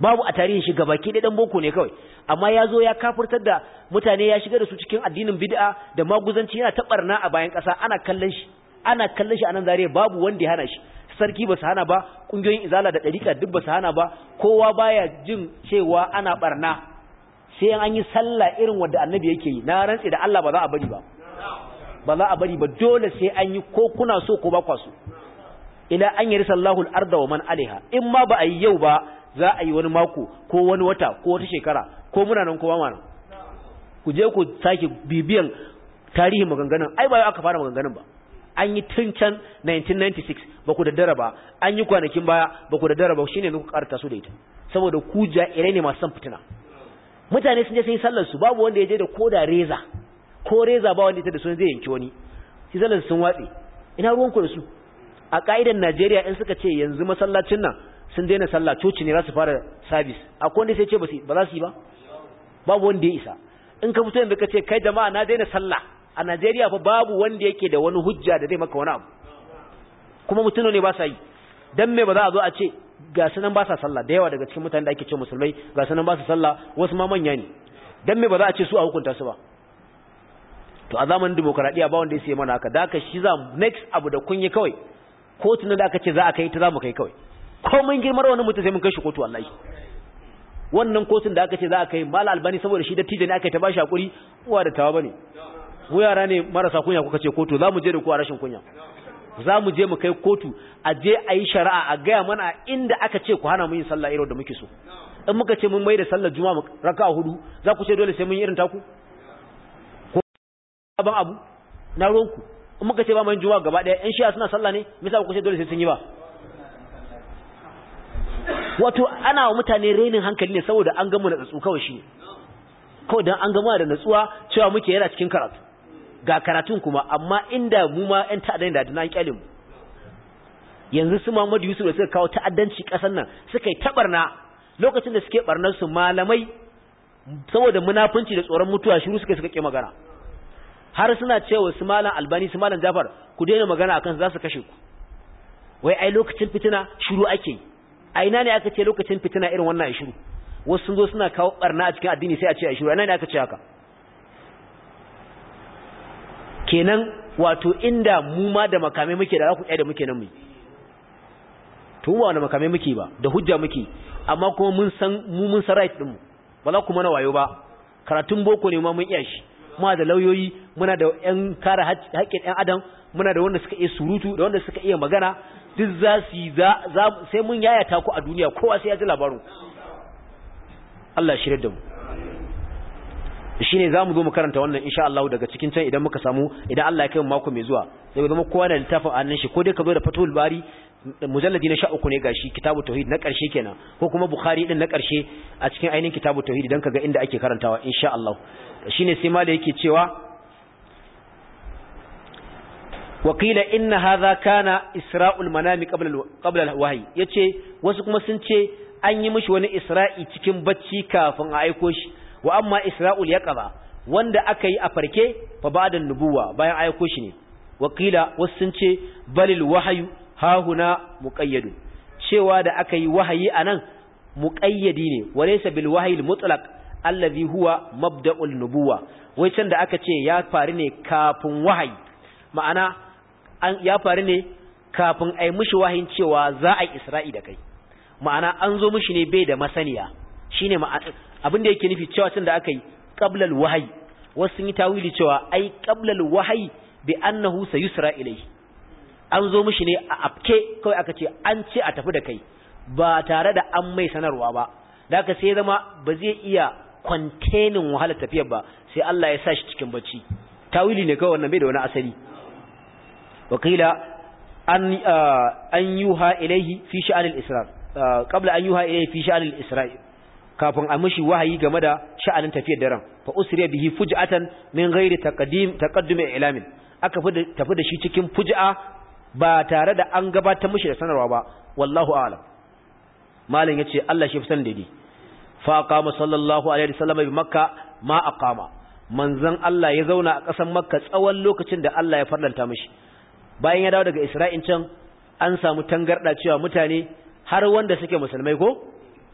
babu a tarihin shi gabaki ɗaya dan boko ne kawai amma ya zo ya kafurtar da mutane ya shiga da su cikin addinin bid'a da maguzanci yana taɓarna a bayan ƙasa ana kallon shi ana kallon shi a nan zariya babu wanda ya hana shi sarki ba su hana ba kungiyoyin izala da ɗariƙa duk ba su hana ba kowa baya jin cewa ana barna sai an yi sallah irin wanda annabi yake yi na rantsi da Allah ba za a bari ba ba za a bari ba dole sai an yi ko kuna so ko ba kwaso ila an yi sallahu al-arda wa man alaiha in ma ba a yi yau ba za a yi wani mako ko wani wata ko wata shekara ko muna nan ko ba ku je ku sake bibiyan tarihin maganganun ai ba aka fara maganganun ba an yi tun can 1996 ba ku daddara ba an yi kwanakin baya ba ku daddara ba shine ne ku karta su da ita saboda ku ja'irai ne masu san fitina mutane sun je sun yi sallar su babu wanda ya je da koda reza ko reza ba wanda ita da sun zai yanki wani shi sallar sun watsi ina ruwan ku da su a ka'idan Najeriya in suka ce yanzu masallacin nan sun daina sallah coci ne za su fara service akwai wanda sai ce ba za su yi ba babu wanda ya isa in ka fito yanzu ka ce kai jama'a na daina sallah a Najeriya fa babu wanda yake da wani hujja da zai maka wani abu kuma mutune ne ba sa yi dan me ba za a zo a ce ga sanan ba sa sallah da yawa daga cikin mutanen da ake ce musulmai ga sanan ba sa sallah wasu ma manya ne dan me ba za a ce su a hukunta su ba to a zaman demokradiya ba wanda ya sai mana haka da ka shi za next abu da kunyi kawai kotun da aka ce za a kai ta za mu kai kawai ko mun girmar wani mutum sai mun kai shi kotu wallahi wannan kotun da aka ce za a kai mal albani saboda shi da tijani aka ta bashi hakuri uwa da tawa bane mu yara ne marasa kunya kuka ce kotu za mu je da ku a rashin kunya za mu je mu kai kotu a je a yi shari'a a gaya mana inda aka ce ku hana mu yin sallah irin da muke so in muka ce mun mai da sallar juma'a a hudu za ku ce dole sai mun yi irin taku ko ban abu na ronku in muka ce ba mun juma'a gaba daya yan shi'a suna sallah ne me yasa ku ce dole sai sun yi ba wato ana wa mutane renin hankali ne saboda an gama da tsatsu kawai shi kawai dan an gama da natsuwa cewa muke yana cikin karatu ga karatun kuma amma inda mu ma ƴan ta'addan da dinan kyalin yanzu su Muhammadu Yusuf da suka kawo ta'addanci ƙasar nan suka yi tabarna lokacin da suke barnar su malamai saboda munafunci da tsoron mutuwa shiru suka suka ki magana har suna cewa su malam Albani su malam Jafar ku daina magana akan su za su kashe ku wai ai lokacin fitina shiru ake yi a ina ne aka ce lokacin fitina irin wannan shiru wasu sun zo suna kawo barna a cikin addini sai a ce a shiru ina ne aka ce haka kenan wato inda mu ma da makame muke da za ku tsaya da muke nan mu to ba wani makamai muke ba da hujja muke amma kuma mun san mu mun san right din mu ba za ku mana wayo ba karatun boko ne ma mun iya shi ma da lauyoyi muna da ƴan kare haƙƙin ƴan adam muna da wanda suka iya surutu da wanda suka iya magana duk za su yi za sai mun yayata ku a duniya kowa sai ya ji labarin Allah shirya da mu za mu zo mu karanta wannan insha Allah daga cikin can idan muka samu idan Allah ya kai mu mako mai zuwa sai zama kowa da littafin annan shi ko dai ka zo da fatul bari mujalladi na 13 ne gashi kitabu tauhid na karshe kenan ko kuma bukhari din na karshe a cikin ainihin kitabu tauhid ka ga inda ake karantawa insha Allah ne sai da yake cewa wakila inna hadha kana isra'ul manami qabla qabla al-wahyi yace wasu kuma sun ce an yi mishi wani isra'i cikin bacci kafin a aiko shi wa amma isra'ul yaqaba wanda aka yi a farke fa ba'dan nubuwa bayan aiko shi ne wakila wasu sun ce balil wahayu hahuna muqayyadun cewa da aka yi wahayi anan muqayyadi ne walaysa bil wahyi mutlaq allazi huwa mabda'ul nubuwa wai can da aka ce ya faru ne kafin wahayi ma'ana ya faru ne kafin ai mushi wahayin cewa za a isra'i da kai ma'ana an zo mushi ne bai da masaniya shine abin da yake nufi cewa tun da aka yi qablal wahyi wasu sun yi tawili cewa ai qablal wahyi bi annahu sayusra ilayhi an zo mishi ne a afke kawai aka ce an ce a tafi da kai ba tare da an mai sanarwa ba da aka sai zama ba zai iya kwantenin wahalar tafiyar ba sai Allah ya sa shi cikin bacci tawili ne kawai wannan bai da wani asali wakila an ah, an yuha ilayhi fi sha'anil isra ah, qabla an yuha ilayhi fi sha'anil isra'i kafin a mishi wahayi game da sha'anin tafiyar daren fa usriya bihi fuj'atan min ghairi taqdim taqaddum ilamin aka tafi da shi cikin fuj'a ba tare da an gabatar mishi da sanarwa ba wallahu a'lam malam yace Allah shi fi san daidai fa qama sallallahu alaihi wasallam bi makka ma aqama manzon Allah ya zauna a ƙasar makka tsawon lokacin da Allah ya farlanta mishi bayan ya dawo daga isra'in can an samu tangarda cewa mutane har wanda suke musulmai ko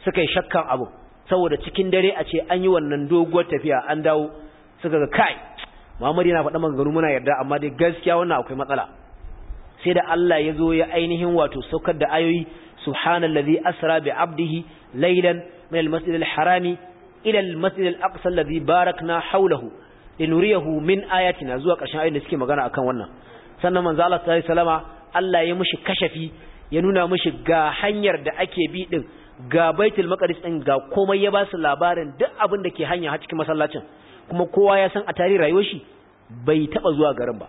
suka yi shakkan abu saboda cikin dare a ce an yi wannan doguwar tafiya an dawo suka ga kai Muhammad yana faɗa maganganu muna yarda amma dai gaskiya wannan akwai matsala sai da Allah ya zo ya ainihin wato saukar da ayoyi subhanallazi asra bi abdihi laylan min al-masjid harami ila al-masjid al-aqsa alladhi barakna hawlahu linuriyahu min ayatina zuwa ƙarshen ayoyin da suke magana akan wannan sannan manzo Allah sallallahu alaihi wasallama Allah ya mushi kashafi ya nuna mushi ga hanyar da ake bi din ga baitul maqdis din ga komai ya ba su labarin duk abin da ke hanya har cikin masallacin kuma kowa ya san a tarihi rayuwar shi bai taba zuwa garin ba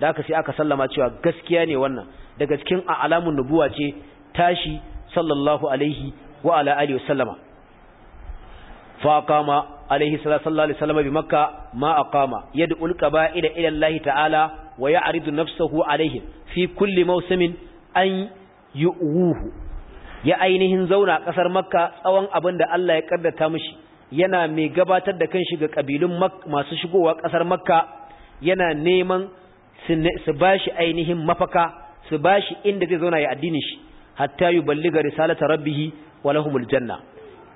da aka sai aka sallama cewa gaskiya ne wannan daga cikin alamun nubuwa ce tashi sallallahu alaihi wa ala alihi wasallama fa qama alaihi sallallahu alaihi wasallama bi makka ma aqama yad'ul qaba'ila ila Allah ta'ala wa ya'ridu nafsahu alaihi fi kulli mawsimin an yu'uhu ya ainihin zauna kasar makka tsawon abin da Allah ya kaddata mishi yana mai gabatar da kanshi ga kabilun masu shigowa kasar makka yana neman su ba shi ainihin mafaka su ba shi inda zai zauna ya addinin shi hatta yi balliga risalata rabbihi wa lahumul janna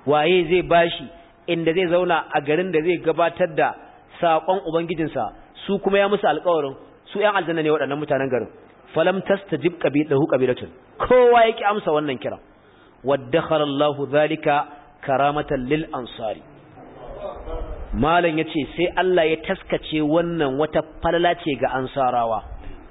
waye zai ba shi inda zai zauna a garin da zai gabatar da saƙon ubangijinsa su kuma ya musu alƙawarin su ‘yan aljanna ne waɗannan mutanen garin falam tas ta jib kowa ya ƙi amsa wannan kiran. waddakhara Allah zalika karamatan lil ansari malam ya ce sai Allah ya taskace wannan wata falala ce ga ansarawa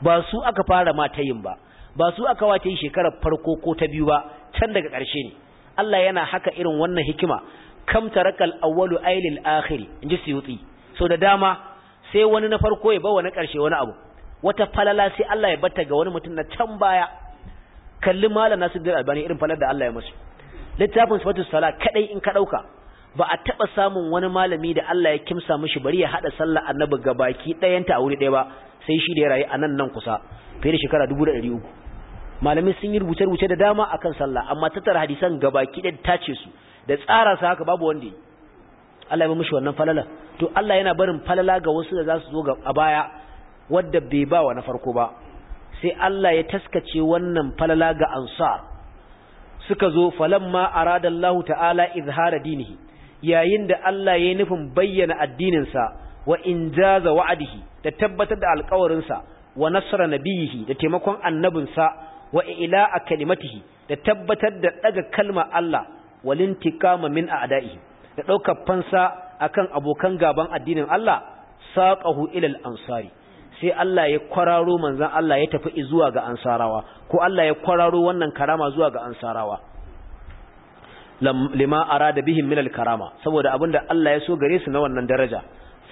ba su aka fara mata yin ba ba su aka wata yi shekarar farko ko ta biyu ba can daga ƙarshe ne Allah yana haka irin wannan hikima kam tarakal awwalu ailil akhiri inji suyuti so da dama sai wani na farko ya ba na ƙarshe wani abu wata falala sai Allah ya bata ga wani mutum na can baya kalli malam da albani irin falar da Allah ya masu littafin sifatu sala kadai in ka dauka ba a taba samun wani malami da Allah ya kimsa mishi bari ya hada sallah annabi gabaki dayanta a wuri daya ba sai shi da ya rayu anan nan kusa fiye da shekara 1300 malamai sun yi rubuce-rubuce da dama akan sallah amma tattara hadisan gabaki da ce su da tsara su haka babu wanda Allah ya mishi wannan falala to Allah yana barin falala ga wasu da za su zo a baya wadda bai ba wa na farko ba sai Allah ya taskace wannan falala ga ansar suka zo falamma aradallahu ta'ala izhara dinihi yayin da Allah ya nufin bayyana addininsa wa injaza wa'adihi da tabbatar da alƙawarinsa wa nasra nabiyihi da taimakon annabinsa wa ila a kalimatihi da tabbatar da daga kalma Allah walintikama min a'da'ihi da ɗaukar fansa akan abokan gaban addinin Allah saqahu ilal ansari sai Allah ya kwararo manzan Allah ya tafi zuwa ga ansarawa ko Allah ya kwararo wannan karama zuwa ga ansarawa lima arada bihim min milal karama saboda abinda Allah ya so gare su na wannan daraja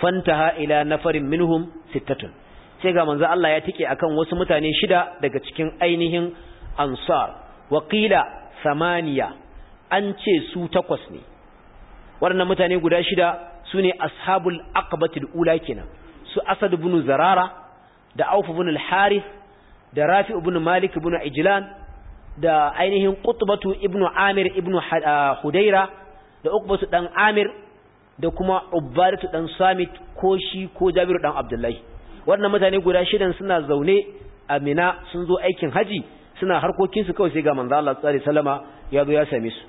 fantaha ila na farin minhum sittatun sai ga manzo Allah ya tike akan wasu mutane shida daga cikin ainihin ansar wakila samaniya an ce su takwas ne waɗannan mutane guda shida sune ashabul aqbatil ula kenan su Asad ibn Zarara da Auf ibn al-Harith da Rafi ibn Malik ibn Ijlan da ainihin Qutbatu ibn Amir ibn ah, Hudaira da Uqbatu dan Amir da kuma Ubbadatu dan Samit ko shi ko Jabiru dan Abdullahi wannan mutane guda shidan suna zaune a Mina sun zo aikin haji suna harkokin su kawai sai ga manzo Allah sallallahu alaihi wasallama ya zo ya same su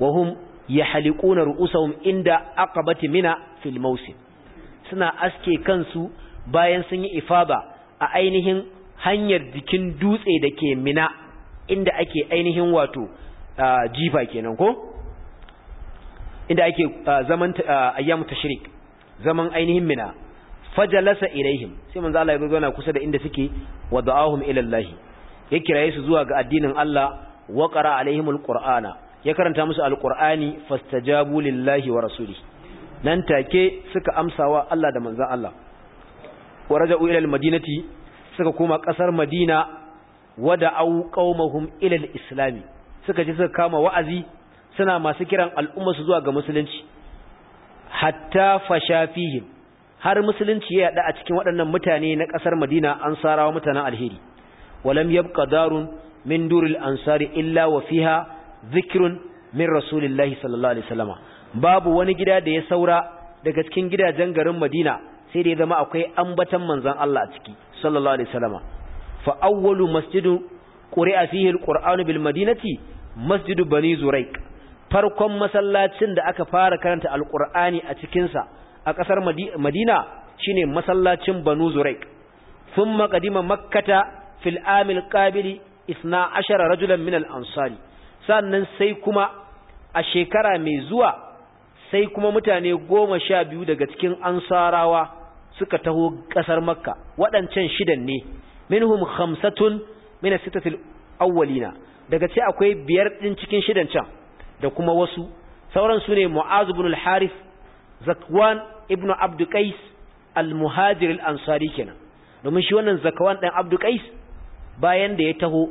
wa hum yahliquna ru'usahum inda aqabati mina fil mawsim suna aske kansu bayan sun yi ifaba a ainihin hanyar jikin dutse da ke mina inda ake ainihin wato jifa kenan ko inda ake zaman ayyamu tashrik zaman ainihin mina fajalasa ilaihim sai manzo Allah ya zo yana kusa da inda suke wada'ahum ila Allah ya kiraye su zuwa ga addinin Allah wa qara alaihim alqur'ana ya karanta musu alqur'ani fastajabu lillahi wa rasulihi nan take suka amsawa Allah da manzan Allah wa raja'u ila al-madinati suka koma kasar Madina wada'u qaumahum ila islami suka ji suka kama wa'azi suna masu kiran al'umma su zuwa ga musulunci hatta fasha fihim har musulunci ya yada a cikin waɗannan mutane na kasar Madina an sarawa mutanen alheri walam yabqa darun min duril ansari illa wa fiha dhikrun min rasulillahi sallallahu alaihi wasallama babu wani gida da ya saura daga cikin gidajen garin Madina sai da ya zama akwai ambatan manzon Allah a ciki sallallahu alaihi wasallama fa awwalu masjidu quri'a fihi alqur'anu bil madinati masjidu bani zuraik farkon masallacin da aka fara karanta alqur'ani a cikin sa a kasar Madina shine masallacin banu zuraik thumma qadima makkata fil amil qabili 12 rajulan min al ansari sannan sai kuma a shekara mai zuwa sai kuma mutane goma sha biyu daga cikin ansarawa suka taho ƙasar makka waɗancan shidan ne minhum khamsatun min sittatil awwalina daga ce akwai biyar ɗin cikin shidan can da kuma wasu sauran su ne mu'az ibn al-harith zakwan ibn abd qais al-muhajir al-ansari kenan domin shi wannan zakwan ɗan abd qais bayan da ya taho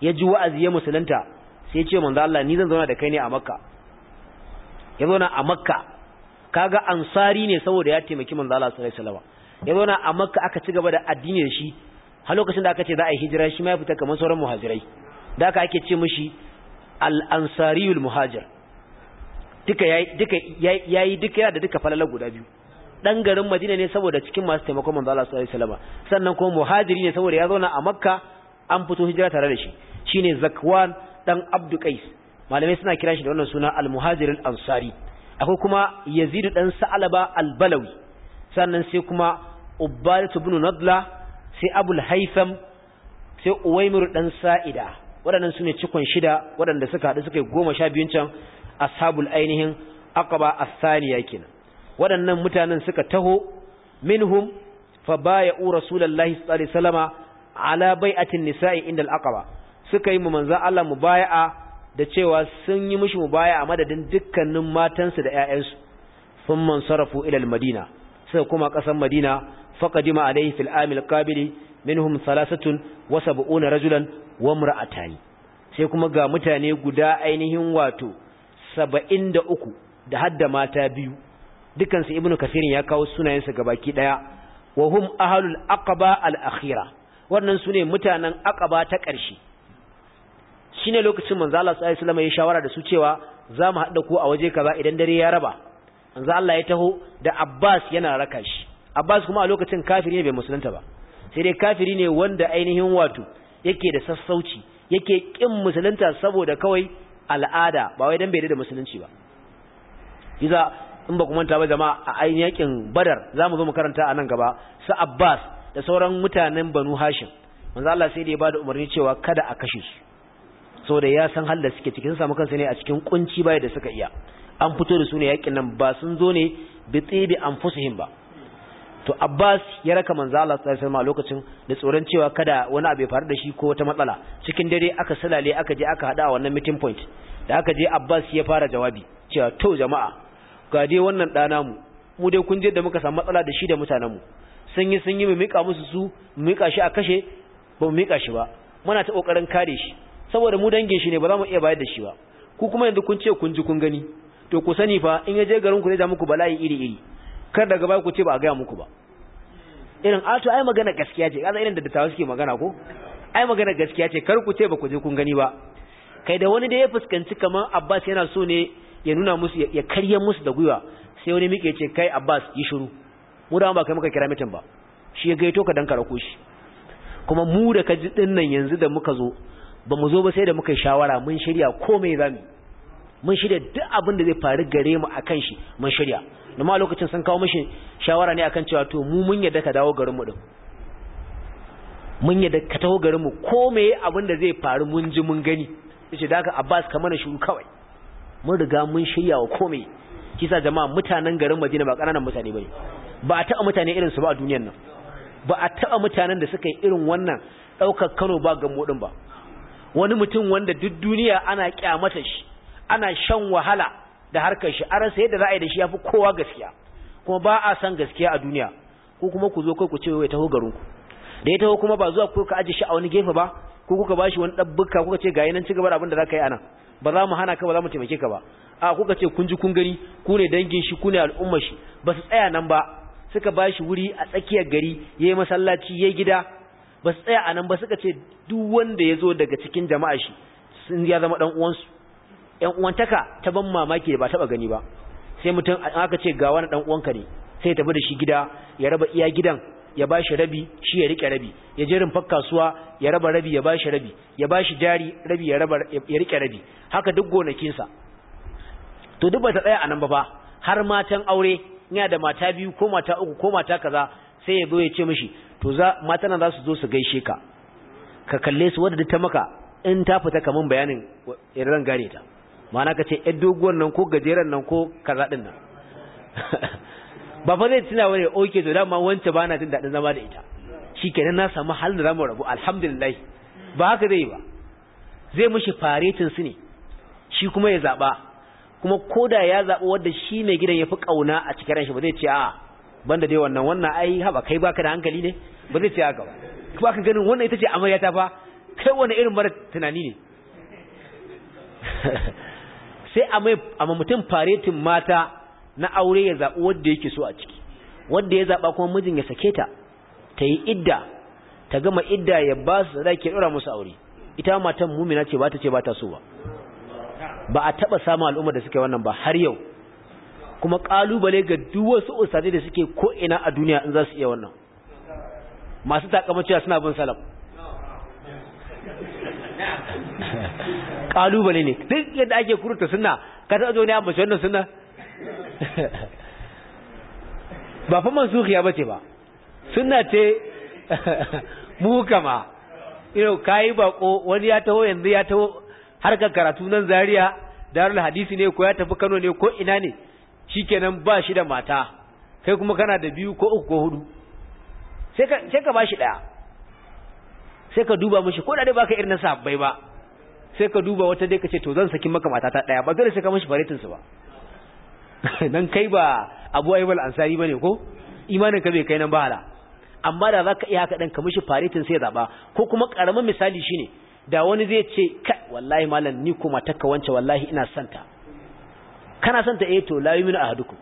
ya ji wa'azi ya musulunta sai ya ce manzo Allah ni zan zauna da kai ne a makka ya zauna a makka kaga ansari ne saboda ya taimaki manzo Allah sallallahu alaihi wasallam ya zauna a makka aka ci gaba da addini da shi har lokacin da aka ce za a yi hijira shi ma ya fita kamar sauran muhajirai da aka ake ce mishi al-ansariyul muhajir duka yayi duka yayi duka yana da duka falala guda biyu dan garin Madina ne saboda cikin masu taimakon manzo Allah sallallahu alaihi wasallam sannan kuma muhajiri ne saboda ya zauna a makka an fito hijira tare da shi shine zakwan dan abdu qais malamai suna kira shi da wannan suna al al-ansari akwai kuma yazidu dan sa'alaba al-balawi sannan sai kuma ubbadatu ibn nadla sai abul haytham sai uwaymir dan sa'ida waɗannan sune cikon shida waɗanda suka haɗu suka yi goma sha biyun can ashabul ainihin aqaba as-saniya kenan waɗannan mutanen suka taho minhum fa baya'u rasulullahi sallallahu alaihi wasallama ala bai'atin nisa'i inda al-aqaba suka yi mu manzo Allah mubaya'a da cewa sun yi mishi mubaya a madadin dukkanin matansu da 'ya'yansu sun mansarafu ilal madina sai kuma ƙasar madina faqadima alaihi fil amil qabili minhum salasatun wasa bu’una rajulan wa mura sai kuma ga mutane guda ainihin wato saba'in da uku da hadda mata biyu dukansu Ibn kasirin ya kawo sunayensa ga baki ɗaya wa hum ahlul aqaba al akhira wannan ne mutanen akaba ta ƙarshe shine lokacin manzo Allah sallallahu alaihi wasallam ya shawara da su cewa za mu haɗa ku a waje kaza idan dare ya raba manzo Allah ya taho da Abbas yana raka shi Abbas kuma a lokacin kafiri ne bai musulunta ba sai dai kafiri ne wanda ainihin wato yake da sassauci yake kin musulunta saboda kawai al'ada ba wai dan bai da musulunci ba iza in ba ku manta ba jama'a a ainihin yakin Badar zamu zo mu karanta a nan gaba su Abbas da sauran mutanen Banu Hashim manzo Allah sai dai ya bada umarni cewa kada a kashe shi. da ya san halda suke cikin sun samu kansu ne a cikin kunci baya da suka iya an fito da su ne yakin nan ba sun zo ne bi tsibi anfusihim ba to Abbas ya raka manzo Allah sallallahu alaihi wasallam lokacin da tsoron cewa kada wani abu ya faru da shi ko wata matsala cikin dare aka salale aka je aka hada a wannan meeting point da aka je Abbas ya fara jawabi cewa to jama'a ga dai wannan dana mu mu dai kun je da muka samu matsala da shi da mutanen mu sun yi sun yi mu mika musu su mu mika shi a kashe ba mu mika shi ba muna ta kokarin kare shi saboda mu dangin shi ne ba za mu iya bayar da shi ba ku kuma yanzu kun ce kun ji kun gani to ku sani fa in ya je garin ku zai ja muku bala'i iri iri kar daga baya ku ce ba a gaya muku ba irin a to ai magana gaskiya ce kaza irin da dattawa suke magana ko ai magana gaskiya ce kar ku ce ba ku je kun gani ba kai da wani da ya fuskanci kamar Abbas yana so ne ya nuna musu ya karya musu da gwiwa sai wani mike ce kai Abbas yi shiru mu da ba kai muka kira mitin ba shi ya gaito ka dan karako shi kuma mu da ka ji dinnan yanzu da muka zo ba mu zo ba sai da muka shawara mun shirya komai mu? mun shirya duk abin da zai faru gare mu akan shi mun shirya da ma lokacin sun kawo mashi shawara ne akan cewa to mu mun yadda ka dawo garin mu din mun yadda ka taho garin mu komai abin da zai faru mun ji mun gani yace da ka Abbas ka mana shiru kawai mun riga mun shirya wa komai kisa jama'a mutanen garin Madina ba kananan mutane bane ba a taɓa mutane irin su ba a duniyar nan ba a taɓa mutanen da suka yi irin wannan ɗaukar Kano ba ga din ba wani mutum wanda duk duniya ana kyamata shi ana shan wahala da harkar shi a rasa yadda ra'ayi a da shi yafi kowa gaskiya kuma ba a san gaskiya a duniya ko kuma ku zo kai ku ce wai taho garinku da ya taho kuma ba zuwa ku ka aje shi a wani gefe ba ko kuka bashi wani dabbuka kuka ce ga ci gaba da abin da zaka yi anan ba za mu hana ka ba za mu taimake ka ba a kuka ce kun ji kun gani ku ne dangin shi ku ne al'ummar shi ba su tsaya nan ba suka ba shi wuri a tsakiyar gari yayi masallaci yayi gida ba su tsaya a nan ba suka ce duk wanda ya zo daga cikin jama'a shi sun ya zama dan uwansu yan uwantaka ta ban mamaki ba taba gani ba sai mutum aka ce ga wani dan uwanka ne sai ya tafi da shi gida ya raba iya gidan ya ba shi rabi shi ya rike rabi ya jerin fakkasuwa kasuwa ya raba rabi ya ba shi rabi ya ba shi jari rabi ya raba ya rike rabi haka duk gonakinsa. to duk ba ta tsaya a nan ba fa har matan aure ina da mata biyu ko mata uku ko mata kaza sai ya zo ya ce mishi to za mata nan za su zo su gaishe ka ka kalle su wadda ta maka in ta fita kaman bayanin irin gane ta ma'ana ka ce ɗan doguwar nan ko gajeren nan ko kaza nan ba fa zai tuna wani oke to dama wancan ba na jin daɗin zama da ita shi kenan na samu halin da mu rabu alhamdulillah ba haka zai ba zai mushi faretin su ne shi kuma ya zaɓa kuma ko da ya zaɓi wadda shi mai gidan ya fi ƙauna a cikin ranshi ba zai ce a'a banda dai wannan wannan ai haba kai baka da hankali ne ba zai ce haka ba ba ka ganin wannan ita ce amarya ta fa kai wani irin mara tunani ne sai a mutum faretin mata na aure ya zaɓi wanda yake so a ciki wanda ya zaɓa kuma mijin ya sake ta ta yi idda ta gama idda ya ba su da ke ɗora musu aure ita matan mumina ce ba ta ce ba ta so ba ba a taɓa samun al'ummar da suke wannan ba har yau kuma kalubale ga duk wasu ustadai da suke ko ina a duniya in za su iya wannan masu takamacewa suna bin salam. kalubale ne duk yadda ake kuruta suna ka ta zo ne a mace wannan suna ba fa man bace ba sunna ce mu kama ino kai bako wani ya taho yanzu ya taho harkar karatu nan Zaria darul hadisi ne ko ya tafi Kano ne ko ina ne shikenan ba shi da mata kai kuma kana da biyu ko uku ko hudu sai ka sai ka bashi daya sai ka duba mishi ko da dai baka irin na sabbai ba sai ka duba wata dai ka ce to zan saki maka mata ta daya ba dole sai ka mishi faritin su ba nan kai ba Abu aibal ansari bane ko imanin ka bai kai nan ba hala amma da zaka iya haka dan ka mishi faritin sai zaba ko kuma karamin misali shine da wani zai ce kai wallahi malam ni kuma takka wance wallahi ina santa kana son ta eh to la a ahadukum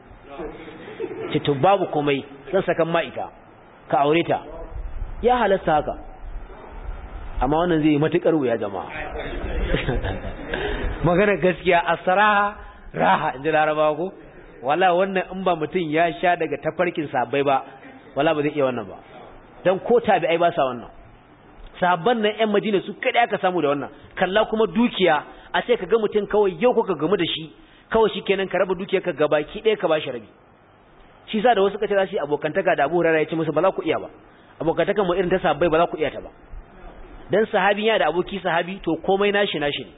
ce to babu komai zan sakan ma'ika ka aure ta ya halasta haka amma wannan zai yi matukar wuya jama'a magana gaskiya asraha raha inda larabawa ko wala wannan in ba mutum ya sha daga tafarkin sabai ba wala ba zai iya wannan ba dan ko ai ba sa wannan sabban nan ƴan Madina su kada aka samu da wannan kalla kuma dukiya a sai kaga mutum kawai yau kuka gamu da shi kawai shi kenan ka raba dukiyarka gabaki ɗaya ka bashi rabi shi sa da wasu kace za su yi abokantaka da Abu Hurairah ya ce musu ba za ku iya ba abokantakan mu irin ta sabai ba za ku iya ta ba dan sahabi yana da aboki sahabi to komai nashi nashi ne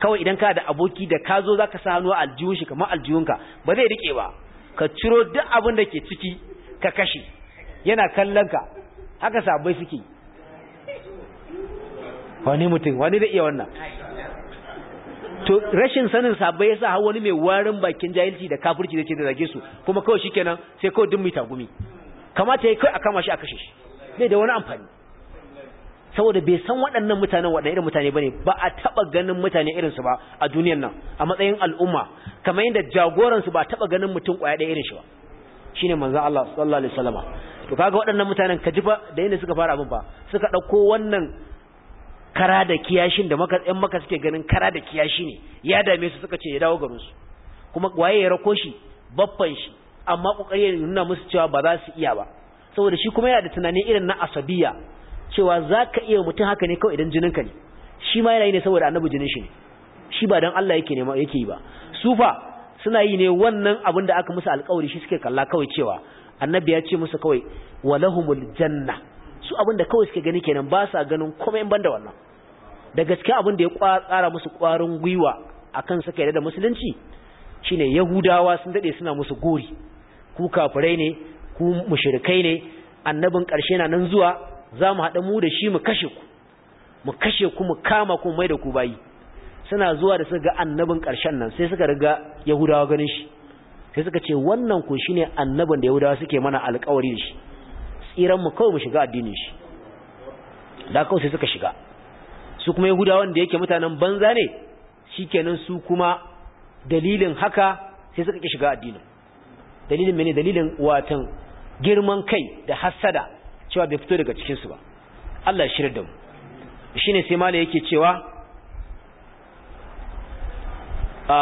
kawai idan ka da aboki da ka zo zaka sa hannu a aljihun shi kamar aljihunka ba zai rike ba ka ciro duk abin da ke ciki ka kashe yana kallon ka haka sabai suke wani mutum wani zai iya wannan to rashin sanin sabai yasa har wani mai warin bakin jahilci da kafirci da ce da zage su kuma kawai shikenan sai kawai dun mai tagumi kamata yayi kai a kama shi a kashe shi bai da wani amfani saboda bai san waɗannan mutanen waɗannan irin mutane bane ba a taba ganin mutane irin su ba a duniyar nan a matsayin al'umma kamar yadda jagoran su ba taba ganin mutum ƙwaya ɗaya irin shi ba shine manzo Allah sallallahu alaihi wasallam to kaga waɗannan mutanen ka ji ba da yadda suka fara abin ba suka ɗauko wannan kara da kiyashin da maka ɗan maka suke ganin kara da kiyashi ne ya dame su suka ce ya dawo garin su kuma waye ya rako shi baffan shi amma kokari ne nuna musu cewa ba za su iya ba saboda shi kuma yana da tunani irin na asabiya cewa za ka iya mutum haka ne kawai idan ka ne shi ma yana yi ne saboda annabi jinin shi ne shi ba dan Allah yake nema yake yi ba sufa suna yi ne wannan abin da aka musu alƙawari shi suke kalla kawai cewa annabi ya ce musu kawai walahumul janna su abin da kawai suke gani kenan ba sa ganin komai ban banda wannan da gaske abin da ya kara musu kwarin gwiwa akan suka yarda da musulunci shine yahudawa sun daɗe suna musu gori ku kafirai ne ku mushrikai ne annabin ƙarshe na nan zuwa za mu haɗa mu da shi mu kashe ku mu kashe ku mu kama ku mai da ku bayi suna zuwa da suka ga annabin ƙarshen nan sai suka riga yahudawa ganin shi sai suka ce wannan ku shine annabin da yahudawa suke mana alƙawari da shi tsiran mu kawai mu shiga addinin shi da kawai sai suka shiga su kuma yahuda wanda yake mutanen banza ne shikenan su kuma dalilin haka sai suka ki shiga addinin dalilin mene dalilin watan girman kai da hasada cewa bai fito daga cikin su ba Allah ya shirya da mu shine sai mala yake cewa a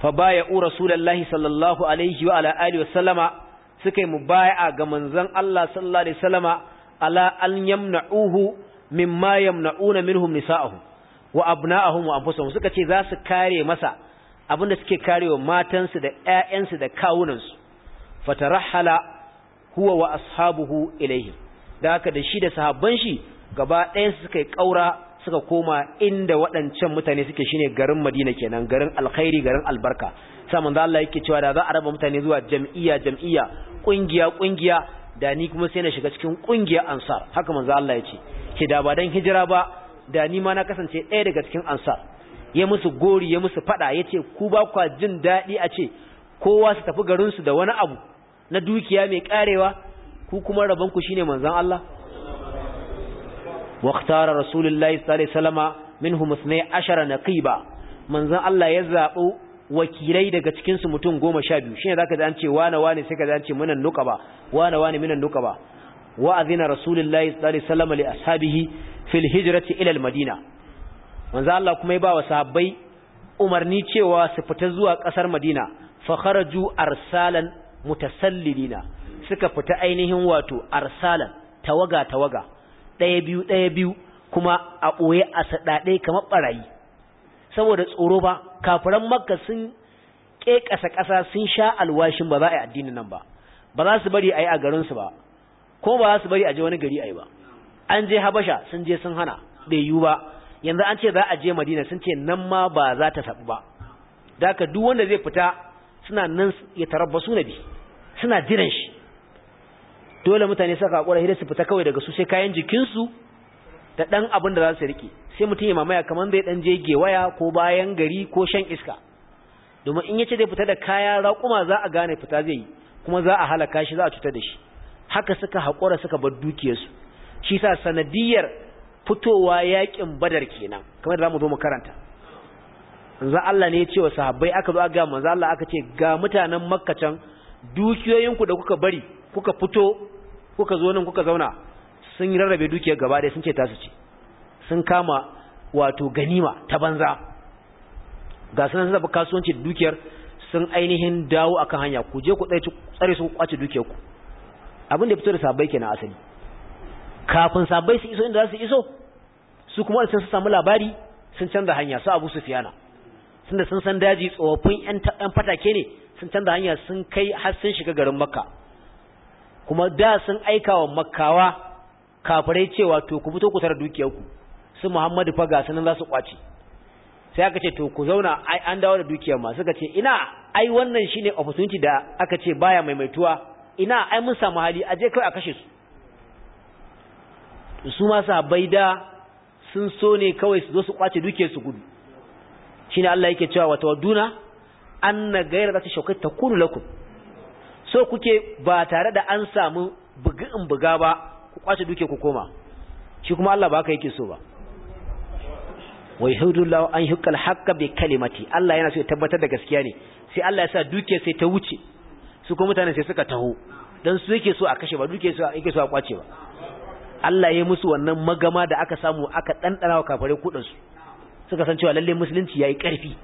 fa baya u rasulullahi sallallahu alaihi wa ala alihi wa sallama suka yi mubaya'a ga manzon Allah sallallahu alaihi wasallama ala an yamna'uhu mimma yamna'una minhum nisa'ahum wa abna'uhum wa anfusuhum suka ce za su kare masa abinda suke karewa matansu da ƴaƴansu da kawunansu fatarahala huwa wa ashabuhu ilayhi da haka da shi da sahabban shi gaba ɗayan su suka yi ƙaura suka koma inda waɗancan mutane suke shine garin Madina kenan garin alkhairi garin albarka sai manzo Allah yake cewa da za a raba mutane zuwa jam'iyya jam'iyya kungiya kungiya da ni kuma sai na shiga cikin kungiyar ansar haka manzo Allah ya ce ke da ba dan hijira ba da ni ma na kasance ɗaya daga cikin ansar ya musu gori ya musu fada ya ce ku ba kwa jin daɗi a ce kowa su tafi garin su da wani abu na dukiya mai karewa ku kuma rabonku shine manzon Allah واختار rasulullahi الله min الله عليه وسلم 12 naqiba manzon Allah ya zaɓo wakilai daga cikinsu mutum goma sha biyu shine zaka ji an ce wane wane sai ka ji ce minan ba wane wane minan ba wa azina rasulullahi sallallahu alaihi wasallam li ashabihi fil hijrati ila al madina manzo Allah kuma ya ba wa sahabbai umarni cewa su fita zuwa kasar madina fa kharaju arsalan mutasallilina suka fita ainihin wato arsalan tawaga tawaga ɗaya biyu ɗaya biyu kuma a ɓoye a saɗaɗe kamar ɓarayi saboda tsoro ba kafiran makka sun kekasa ƙasa sun sha alwashin ba za a yi addinin nan ba ba za su bari a yi a garinsu ba ko ba za su bari a je wani gari a yi ba an je habasha sun je sun hana bai yiwu ba yanzu an ce za a je madina sun ce nan ma ba za ta sabu ba da haka duk wanda zai fita suna nan ya tarabbasu na bi suna jiran shi dole mutane suka haƙura hira su fita kawai daga su sai kayan jikinsu da ɗan abin da za su riƙe sai mutum ya mamaya kamar zai ɗan je waya ko bayan gari ko shan iska domin in ya ce zai fita da kaya raƙuma za a gane fita zai yi kuma za a halaka shi za a cuta da shi haka suka haƙura suka bar dukiyarsu shi sa sanadiyar fitowa yaƙin badar kenan kamar da za mu zo mu karanta manzo Allah ne ya ce wa sahabbai aka zo ga manzo Allah aka ce ga mutanen Makka can dukiyoyinku da kuka bari kuka fito kuka zo nan kuka zauna sun yi rarrabe dukiyar gaba da sun ce tasu ce sun kama wato ganima ta banza ga sun zaɓi kasuwanci da dukiyar sun ainihin dawo akan hanya ku je ku tsare su kwace dukiyar ku abin da fito da sabai kenan asali kafin sabai su iso inda za su iso su kuma sun samu labari sun canza hanya su abu sufiyana sun da sun san daji tsofaffin yan fatake ne sun canza hanya sun kai har sun shiga garin makka kuma da sun aika wa makkawa kafirai cewa to ku fito ku tara ku. su Muhammadu fa ga sanan za su kwace sai aka ce to ku zauna ai an dawo da dukiyar ma suka ce ina ai wannan shine opportunity da aka ce baya maimaituwa ina ai mun samu hali a je kai a kashe su su ma sahabbai da sun so ne kawai su zo su kwace dukiyar su gudu shine Allah yake cewa wa tawadduna anna ghayra zati ta takunu lakum so kuke ba tare da an samu bugu in buga ba kwace duke ku koma shi kuma Allah ba ka yake so ba wai hudullahu an yuqal bai bi kalimati Allah yana so ya tabbatar da gaskiya ne sai Allah ya sa duke sai ta wuce su kuma mutane sai suka taho dan su yake so a kashe ba duke su yake so a kwace ba Allah ya musu wannan magama da aka samu aka dandana wa kafare kudin su suka san cewa lalle musulunci yayi karfi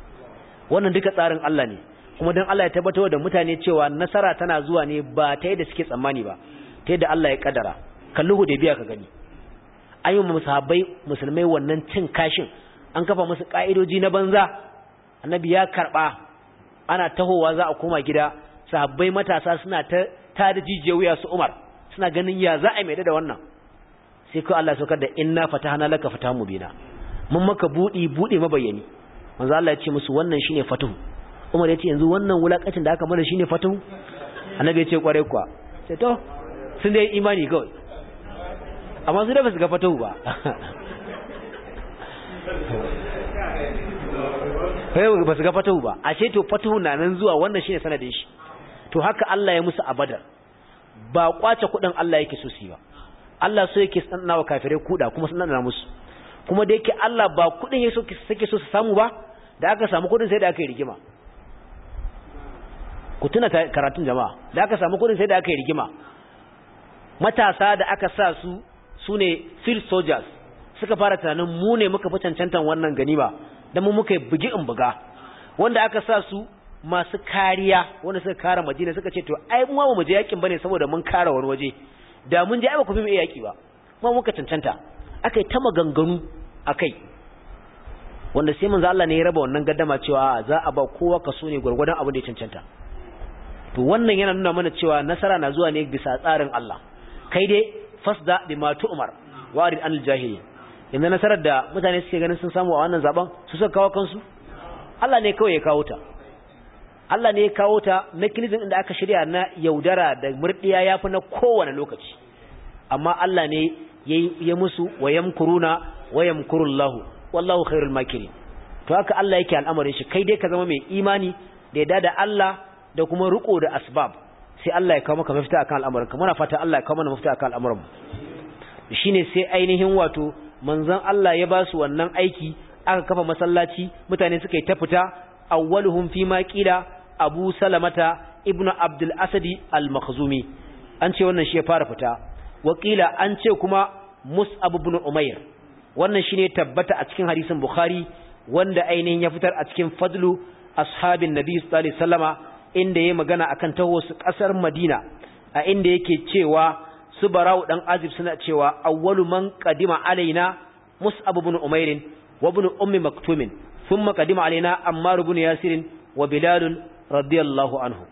wannan duka tsarin Allah ne kuma dan Allah ya tabbatar da mutane cewa nasara tana zuwa ne ba ta yadda suke tsammani ba ta yadda Allah ya kaddara kalli hudaybiya ka gani an yi musulmai wannan cin kashin an kafa musu ka'idoji na banza annabi ya karba ana tahowa za a koma gida sahabbai matasa suna ta ta da wuya su umar suna ganin ya za a mai da wannan sai ko Allah saukar da inna fatahana laka fatahan mubina mun maka budi budi mabayani manzo Allah ya ce musu wannan shine fatuhu Umar ya ce yanzu wannan wulakacin da aka mana shine fatuhu annabi ya ce kware kuwa sai to sun dai imani kawai amma su da su ga fatahu ba sai eh, ba su ga fatahu ba ashe to fatahu na nan zuwa wannan shine sanadin shi to haka Allah ya musu abadar ba kwace kudin Allah yake so su ba Allah so yake sanna wa kafirai kuda kuma sanna musu kuma da yake Allah ba kudin yake so sake so su samu ba da aka samu kudin sai da aka yi rigima ku tuna karatun jama'a da aka samu kudin sai da aka yi rigima matasa da aka sa su su ne field sojas suka fara tunanin mu ne muka fi cancantan wannan gani ba don mu muka bugi in buga wanda aka sa su masu kariya wanda suka kare madina suka ce to ai mu ba mu je yakin bane saboda mun kara wani waje da mun je ai ba ku fi mu yaki ba mu muka cancanta akai ta maganganu akai wanda sai manzo Allah ne ya raba wannan gaddama cewa za a ba kowa ka kaso ne gurgurdan abin da ya cancanta to wannan yana nuna mana cewa nasara na zuwa ne bisa tsarin Allah kai dai fasda bima Umar, warid anil jahili yanzu nasarar da mutane suke ganin sun samu a wannan zaben su suka kawo kansu Allah ne kawai ya kawo ta Allah ne ya kawo ta mechanism inda aka shirya na yaudara da murdiya yafi na kowane lokaci amma Allah ne ya musu wayamkuruna wayamkurullahu wallahu khairul makirin to haka Allah yake al'amarin shi kai dai ka zama mai imani da yadda da Allah da kuma Ruko da asbab sai Allah ya kawo maka mafita akan al'amuran ka muna fata Allah ya kawo mana mafita akan al'amuran shine sai ainihin wato manzon Allah ya ba su wannan aiki aka kafa masallaci mutane suka yi ta fita awwaluhum fi ma Abu Salamata Ibnu Abdul Asadi al-Makhzumi an ce wannan shi ya fara fita wakila an ce kuma Mus'ab ibn Umair wannan shine tabbata a cikin hadisin Bukhari wanda ainihin ya fitar a cikin fadlu ashabin Nabi sallallahu alaihi wasallama inda ya magana akan taho su ƙasar Madina a inda yake cewa su barau dan azib suna cewa awwalu man qadima alaina mus'ab ibn umair wa ibn ummi maktum thumma qadima alaina ammar ibn yasir wa bilal radiyallahu anhu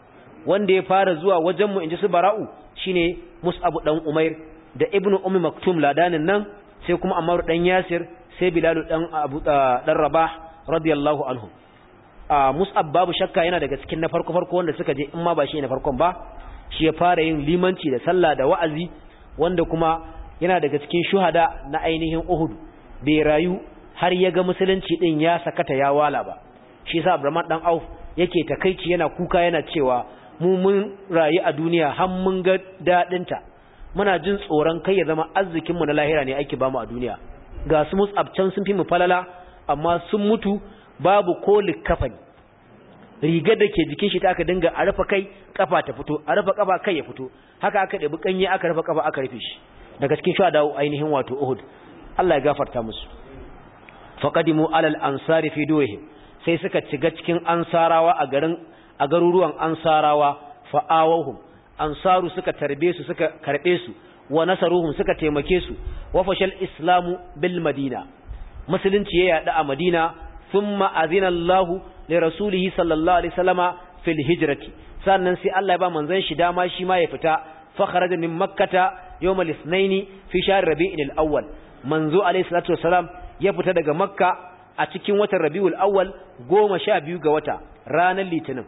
wanda ya fara zuwa wajen mu inji su barau shine mus'ab dan umair da ibn ummi maktum ladanin nan sai kuma ammar dan yasir sai bilal dan abu ah, dan rabah radiyallahu anhu mus'ab babu shakka yana daga cikin na farko farko wanda suka je in ma ba shi ne farkon ba shi ya fara yin limanci da sallah da wa'azi wanda kuma yana daga cikin shuhada na ainihin uhud bai rayu har ya ga musulunci din ya sakata ya wala ba shi yasa Abraman dan Auf yake takeici yana kuka yana cewa mu mun rayu a duniya har mun ga dadin ta muna jin tsoron kai ya zama arzikin mu na lahira ne ba bamu a duniya ga su mus'ab can sun fi mu falala amma sun mutu babu ko likafani rigar da ke jikin shi ta aka dinga a rufe kai kafa ta fito a rufe kafa kai ya fito haka aka ɗabi kanye aka rufe kafa aka rufe shi daga cikin sha dawo ainihin wato Uhud Allah ya gafarta musu faqadimu alal ansari fi sai suka ciga cikin ansarawa a garin a garuruwan ansarawa fa'awahum ansaru suka tarbe su suka karbe su wa nasaruhum suka taimake su wa fashal islamu bil madina musulunci ya yada a madina thumma azina Allahu li rasulihi sallallahu alaihi wasallama fil hijrati sannan sai Allah ya ba manzon shi dama shi ma ya fita fa kharaja min makkata yawm al-ithnaini fi shahr rabi'il al-awwal manzo alaihi salatu wasalam ya fita daga makka a cikin watan rabiul awwal goma sha biyu ga wata ranar litinin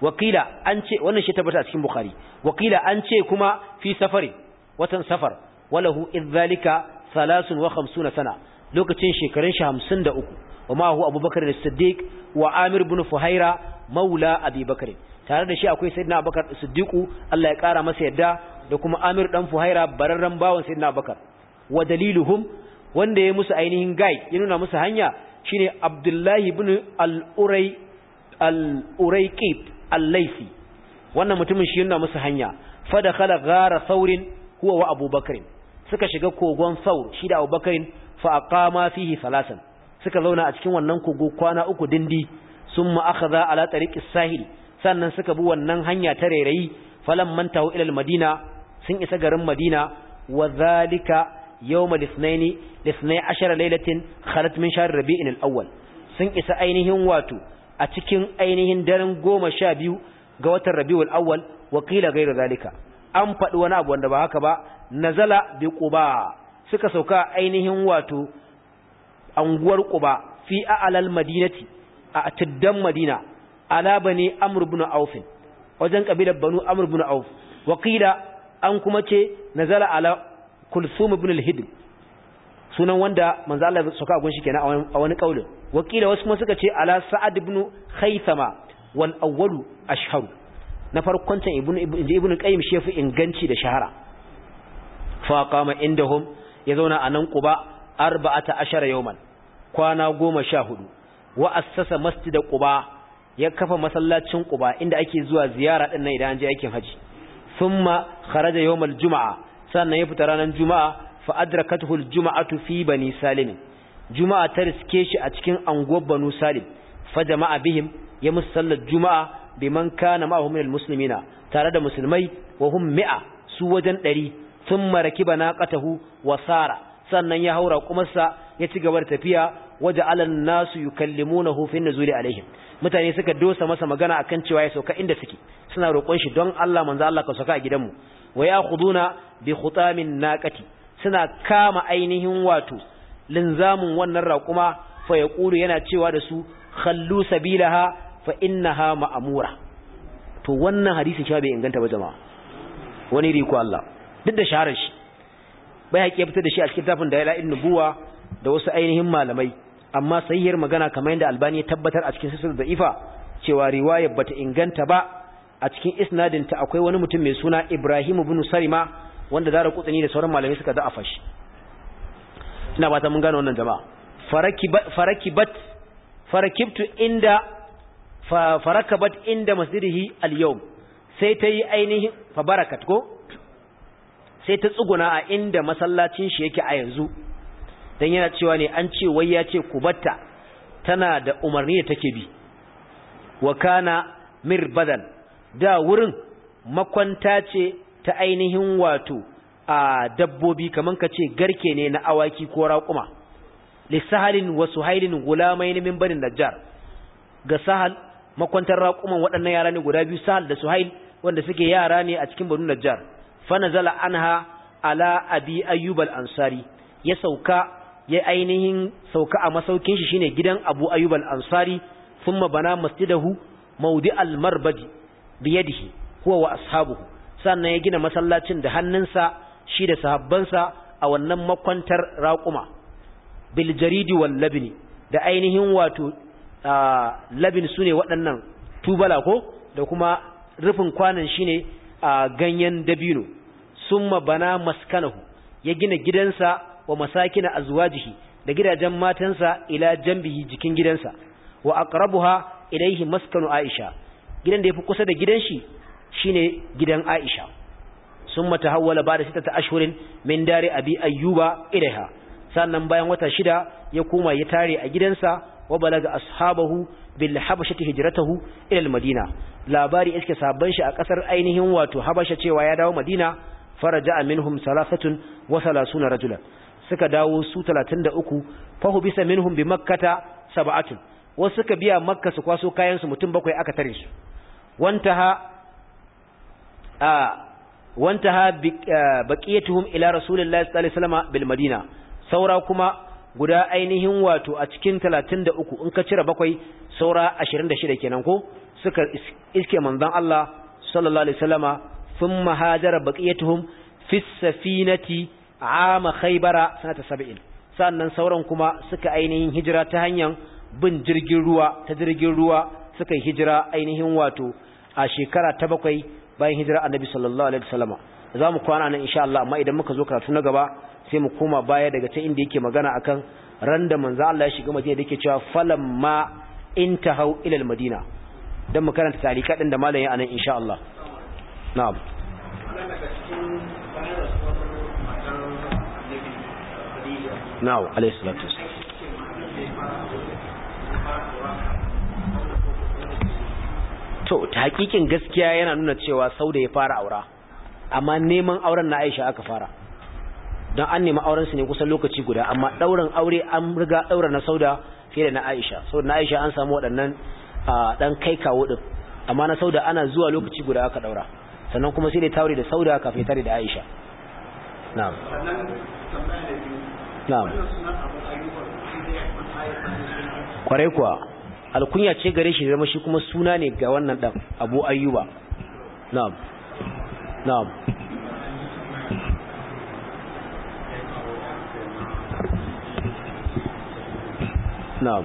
wakila an ce wannan shi tabbata a cikin bukhari wakila an ce kuma fi safari watan safar walahu idh zalika 53 sana lokacin shekarun shi 53 وما هو أبو بكر الصديق وعامر بن فهيرة مولى أبي بكر tare da shi akwai sayyidina abubakar siddiqu Allah ya kara masa yadda da kuma amir ɗan fuhaira bararren bawan sayyidina abubakar wa hum, wanda ya yi musu ainihin gai ya nuna musu hanya shine abdullahi ibn al-uray al-urayqib wannan mutumin shi nuna musu hanya fa dakhala gara saurin huwa wa abubakar suka shiga kogon saur shida da abubakar fa aqama fihi salasan suka zauna a cikin wannan kogo kwana uku dindi sun ma'akaza a tariqis ƙisahil sannan suka bi wannan hanya ta rairayi falan mantahu ila madina sun isa garin madina wa zalika yawm al-ithnaini lithnai ashara laylatin khalat min shahr rabi'in sun isa ainihin wato a cikin ainihin daren goma sha biyu ga watan rabi'ul awwal wakila qila ghayra zalika an faɗi wani abu wanda ba haka ba nazala bi quba suka sauka ainihin wato anguwar quba fi a'lal madinati a tuddan madina ala bani amr ibn auf wajen kabilar banu amr ibn auf waqila an kuma ce nazala ala kulsum ibn al-hidm sunan wanda manzo Allah suka gun shi kenan a wani kaulin wakila wasu kuma suka ce ala sa'ad ibn khaythama wal awwalu ashhar na farkon ta ibn ibn qayyim shefu inganci da shahara fa qama indahum ya zauna a nan quba arba'ata ashara yawman kwana goma sha hudu wa assasa masjid quba ya kafa masallacin quba inda ake zuwa ziyara din nan idan an je aikin haji thumma kharaja yawmal juma'a sannan ya fita ranar juma'a fa adrakatuhu jumaatu fi bani salim juma'a ta riske shi a cikin anguwar banu salim fa jama'a bihim ya musalla juma'a biman kana ma'ahum al muslimina tare da musulmai wa hum mi'a su wajen 100 thumma rakiba naqatahu wa sara sannan ya haura kumarsa ya ci gaba da tafiya waje alan nasu yukallimuna hufin na nuzuli alaihim mutane suka dosa masa magana akan cewa ya sauka inda suke suna roƙon shi don Allah manzo Allah ka sauka a gidanmu wa kuduna bi khutamin naqati suna kama ainihin wato linzamin wannan raƙuma fa yaqulu yana cewa da su khallu sabilaha fa ha ma'amura to wannan hadisi shi bai inganta ba jama'a wani riko Allah duk da shaharar shi bayaki ya fito da shi a cikin tafin da ya nubuwa da wasu ainihin malamai amma sahihiyar magana kamar yadda albani ya tabbatar a cikin sisir da'ifa cewa riwayar bata inganta ba a cikin isnadinta akwai wani mutum mai suna ibrahim bin sarima wanda zara kutsani da sauran malamai suka za'afa shi ina ba ta mun gano wannan jama'a farakibat farakibtu inda farakabat inda masjidihi al-yawm sai ta yi ainihin fabarakat ko sai ta tsuguna a inda masallacin shi yake a yanzu dan yana cewa ne an ce wai ya ce ku kubatta tana da umarni da take bi wa kana mirbadan da wurin makwanta ce ta ainihin wato a dabbobi kaman ka ce garke ne na awaki ko raƙuma sahalin wa suhailin gulamain min banin najjar ga sahal makwantar raƙuman waɗannan yara ne guda biyu sahal da suhail wanda suke yara ne a cikin banu najjar fa anha ala abi ayyub al-ansari ya sauka ya ainihin sauka a masaukin shi shine gidan abu ayyub al-ansari thumma bana masjidahu mawdi al-marbadi bi yadihi huwa wa ashabuhu sannan ya gina masallacin da hannunsa shi da sahabbansa a wannan makwantar raƙuma bil jaridi wal labni da ainihin wato labin sune waɗannan tubala ko da kuma rufin kwanan shine ganyen dabino summa bana maskanahu ya gina gidansa wa masakina azwajihi da gidajen matansa ila jambihi jikin gidansa wa aqrabuha ilaihi maskanu aisha gidan da yafi kusa da gidan shi shine gidan aisha summa tahawwala ba'da ta ashhurin min dari abi ayyuba ilaiha sannan bayan wata shida ya koma ya tare a gidansa wa balaga ashabahu bil habashati hijratahu ila al madina labari iske sabban shi a kasar ainihin wato habasha cewa ya dawo madina faraja minhum salasatun wa salasuna rajula suka dawo su 33 fahu bisa minhum bi makkata sab'atun wasu suka biya makka su kwaso kayan su mutum bakwai aka tare su wantaha a wantaha baqiyatuhum ila rasulillahi sallallahu alaihi wasallam bil madina saura kuma guda ainihin wato a cikin 33 in ka cire bakwai saura 26 kenan ko suka iske manzon Allah sallallahu alaihi wasallama thumma hajara baqiyatuhum fi safinati ama khaybara sanata 70 sannan sauran kuma suka ainihin hijira ta hanyar bin jirgin ruwa ta jirgin ruwa suka yi hijira ainihin wato a shekara ta bakwai bayan hijira annabi sallallahu alaihi wasallam za mu kwana nan insha Allah amma idan muka zo karatu na gaba sai mu koma baya daga ta inda yake magana akan randa manzo Allah ya shiga madina da yake cewa falamma intahau ila ilal madina dan mu karanta tarika din da malamin anan insha Allah na'am na'am to ta hakikin gaskiya yana nuna cewa sau da ya fara aura amma neman auren na aisha aka fara don an nemi aurensu ne kusan lokaci guda amma ɗaurin aure an riga ɗaura na sauda fiye da na aisha sau na aisha an samu waɗannan ah, ɗan kai kawo ɗin amma na sauda ana zuwa lokaci guda aka ɗaura sannan kuma sai da tauri da sauda kafin tare da aisha na'am na'am kwarai kuwa alkunya ce gare shi zama shi kuma suna ne ga wannan dan abu ayyuba na'am na'am na'am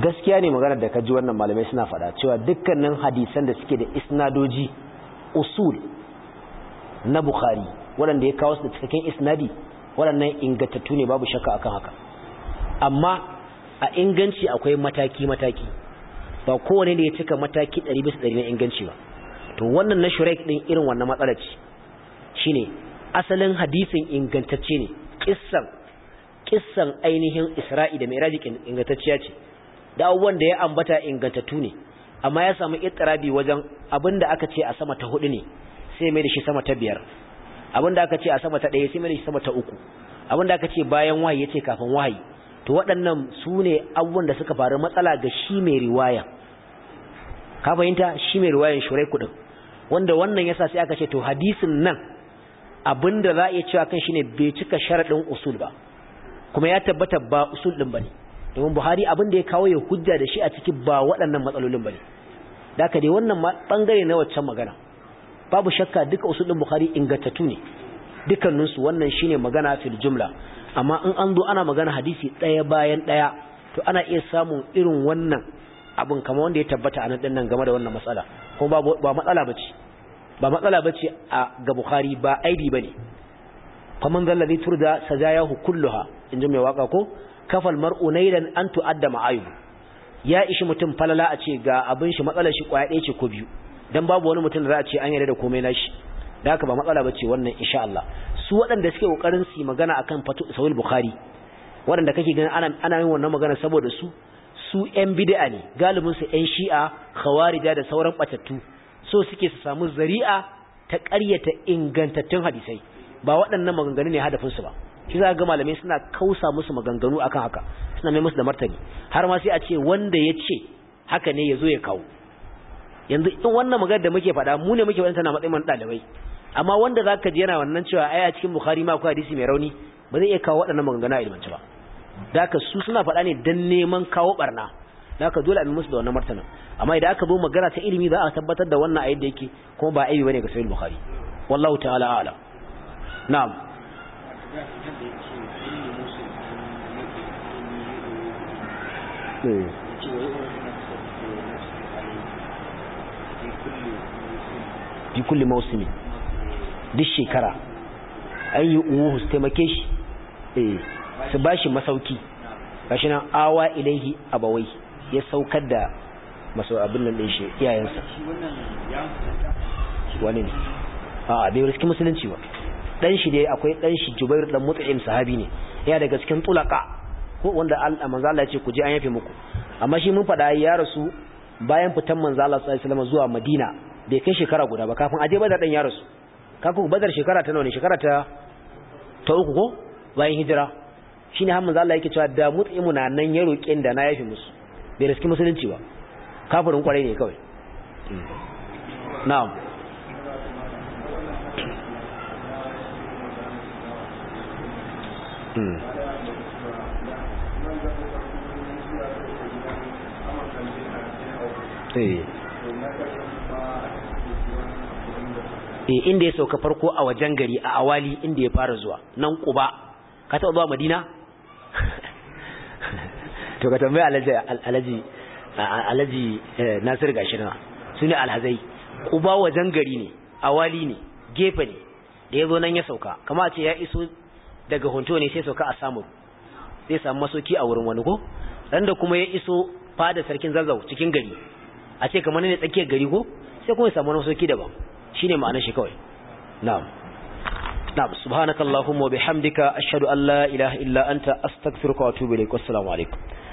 gaskiya ne magana da kaji wannan malamai suna fada cewa dukkanin hadisan da suke da isnadoji usul na bukhari waɗanda ya kawo su da cikakken isnadi waɗannan ingantattu ne babu shakka akan haka amma a inganci akwai mataki-mataki ba kowane da ya cika mataki 100% na inganci ba to wannan na shurek ɗin irin wannan matsalar ce shine asalin hadisin ingantacce ne kissan kissan ainihin isra'i da mai rajikin ingantacciya ce da abubuwan da ya ambata ingantattu ne amma ya samu ittirabi wajen abinda aka ce a sama ta hudu ne sai mai da shi sama ta biyar da aka ce a sama ta ɗaya sai mai da shi sama ta uku da aka ce bayan wahayi ce kafin wahayi to waɗannan su ne abubuwan da suka faru matsala ga shi mai riwaya ka fahimta shi mai riwayan shurai kuɗin wanda wannan yasa sai aka ce to hadisin nan abinda za a iya cewa kan shine bai cika sharaɗin usul ba kuma ya tabbata ba usul ɗin ba ne domin buhari abin da ya kawo ya hujja da shi a cikin ba waɗannan matsalolin ba ne. da ka dai wannan bangare na waccan magana babu shakka duka usulun buhari ingantattu ne dukkaninsu wannan shi ne magana fil jumla amma in an zo ana magana hadisi ɗaya bayan ɗaya to ana iya samun irin wannan abin kama wanda ya tabbata a nan nan game da wannan matsala ko ba matsala bace ba matsala bace a ga Buhari ba aibi bane kaman zallazi turda sajayahu kulluha in ji mai waka ko kafal mar'u nailan an tu'adda ma'ayib ya ishi mutum falala a ce ga abin shi matsalar shi kwaya ɗaya ce ko biyu dan babu wani mutum da za a ce an yarda da komai nashi da haka ba matsala bace wannan insha Allah su waɗanda suke kokarin su magana akan fatu sahih bukhari waɗanda kake ganin ana ana yin wannan magana saboda su su ƴan bid'a ne galibin su ƴan shi'a khawarija da sauran batattu so suke su samu zari'a ta ƙaryata ingantattun hadisai ba waɗannan maganganu ne hadafin su ba shi za ga malamai suna kausa musu maganganu akan haka suna mai musu da martani har ma sai a ce wanda ya ce haka ne ya zo ya kawo yanzu in wannan magana da muke faɗa mu ne muke wani tana matsayin wani ɗalibai amma wanda za ka ji yana wannan cewa ai a cikin bukhari ma akwai hadisi mai rauni ba zai iya kawo waɗannan maganganu a ilmance ba da ka su suna faɗa ne dan neman kawo barna da ka dole a musu da wannan martanin amma idan aka zo magana ta ilimi za a tabbatar da wannan a yadda yake kuma ba aibi bane ga sahih bukhari wallahu ta'ala a'lam na'am Eh. fi kulli mausimi duk shekara an yi uwu su taimake shi eh. su ba shi masauki gashi nan awa ilaihi abawai ya saukar da masu abin nan shi iyayensa wani ne a bai riski musulunci ba dan shi dai akwai dan shi Jubair dan Mut'im sahabi ne yana daga cikin tulaka ko wanda manzo Allah ya ce ku je an yafe muku amma shi mun fada ya rasu bayan fitan manzo Allah sallallahu alaihi wasallam zuwa Madina bai kai shekara guda ba kafin aje bazar dan ya rasu kafin bazar shekara ta nawa ne shekara ta ta uku ko bayan hijira shine har manzo Allah yake cewa da Mut'im na nan ya roƙin da na yafe musu bai riski musulunci ba kafirin kwarai ne kawai hmm. na'am Hmm. Eh. Eh, inda ya sauka farko a wajen gari a awali inda ya fara zuwa nan kuba ka taɓa zuwa madina to ka tambaya alhaji alhaji eh, nasir gashina su ne alhazai kuba wajen gari ne awali ne gefe ne da ya zo nan ya sauka kama ce ya iso daga hunto ne sai sauka a samu sai samu masoki a wurin wani ko dan kuma ya iso fada sarkin zazzau cikin gari a ce kamar ne tsakiyar gari ko sai kuma ya samu masoki daban shine ma'anar shi kawai na'am na'am subhanakallahumma wa bihamdika ashhadu an la ilaha illa anta astaghfiruka wa atubu ilaik assalamu alaikum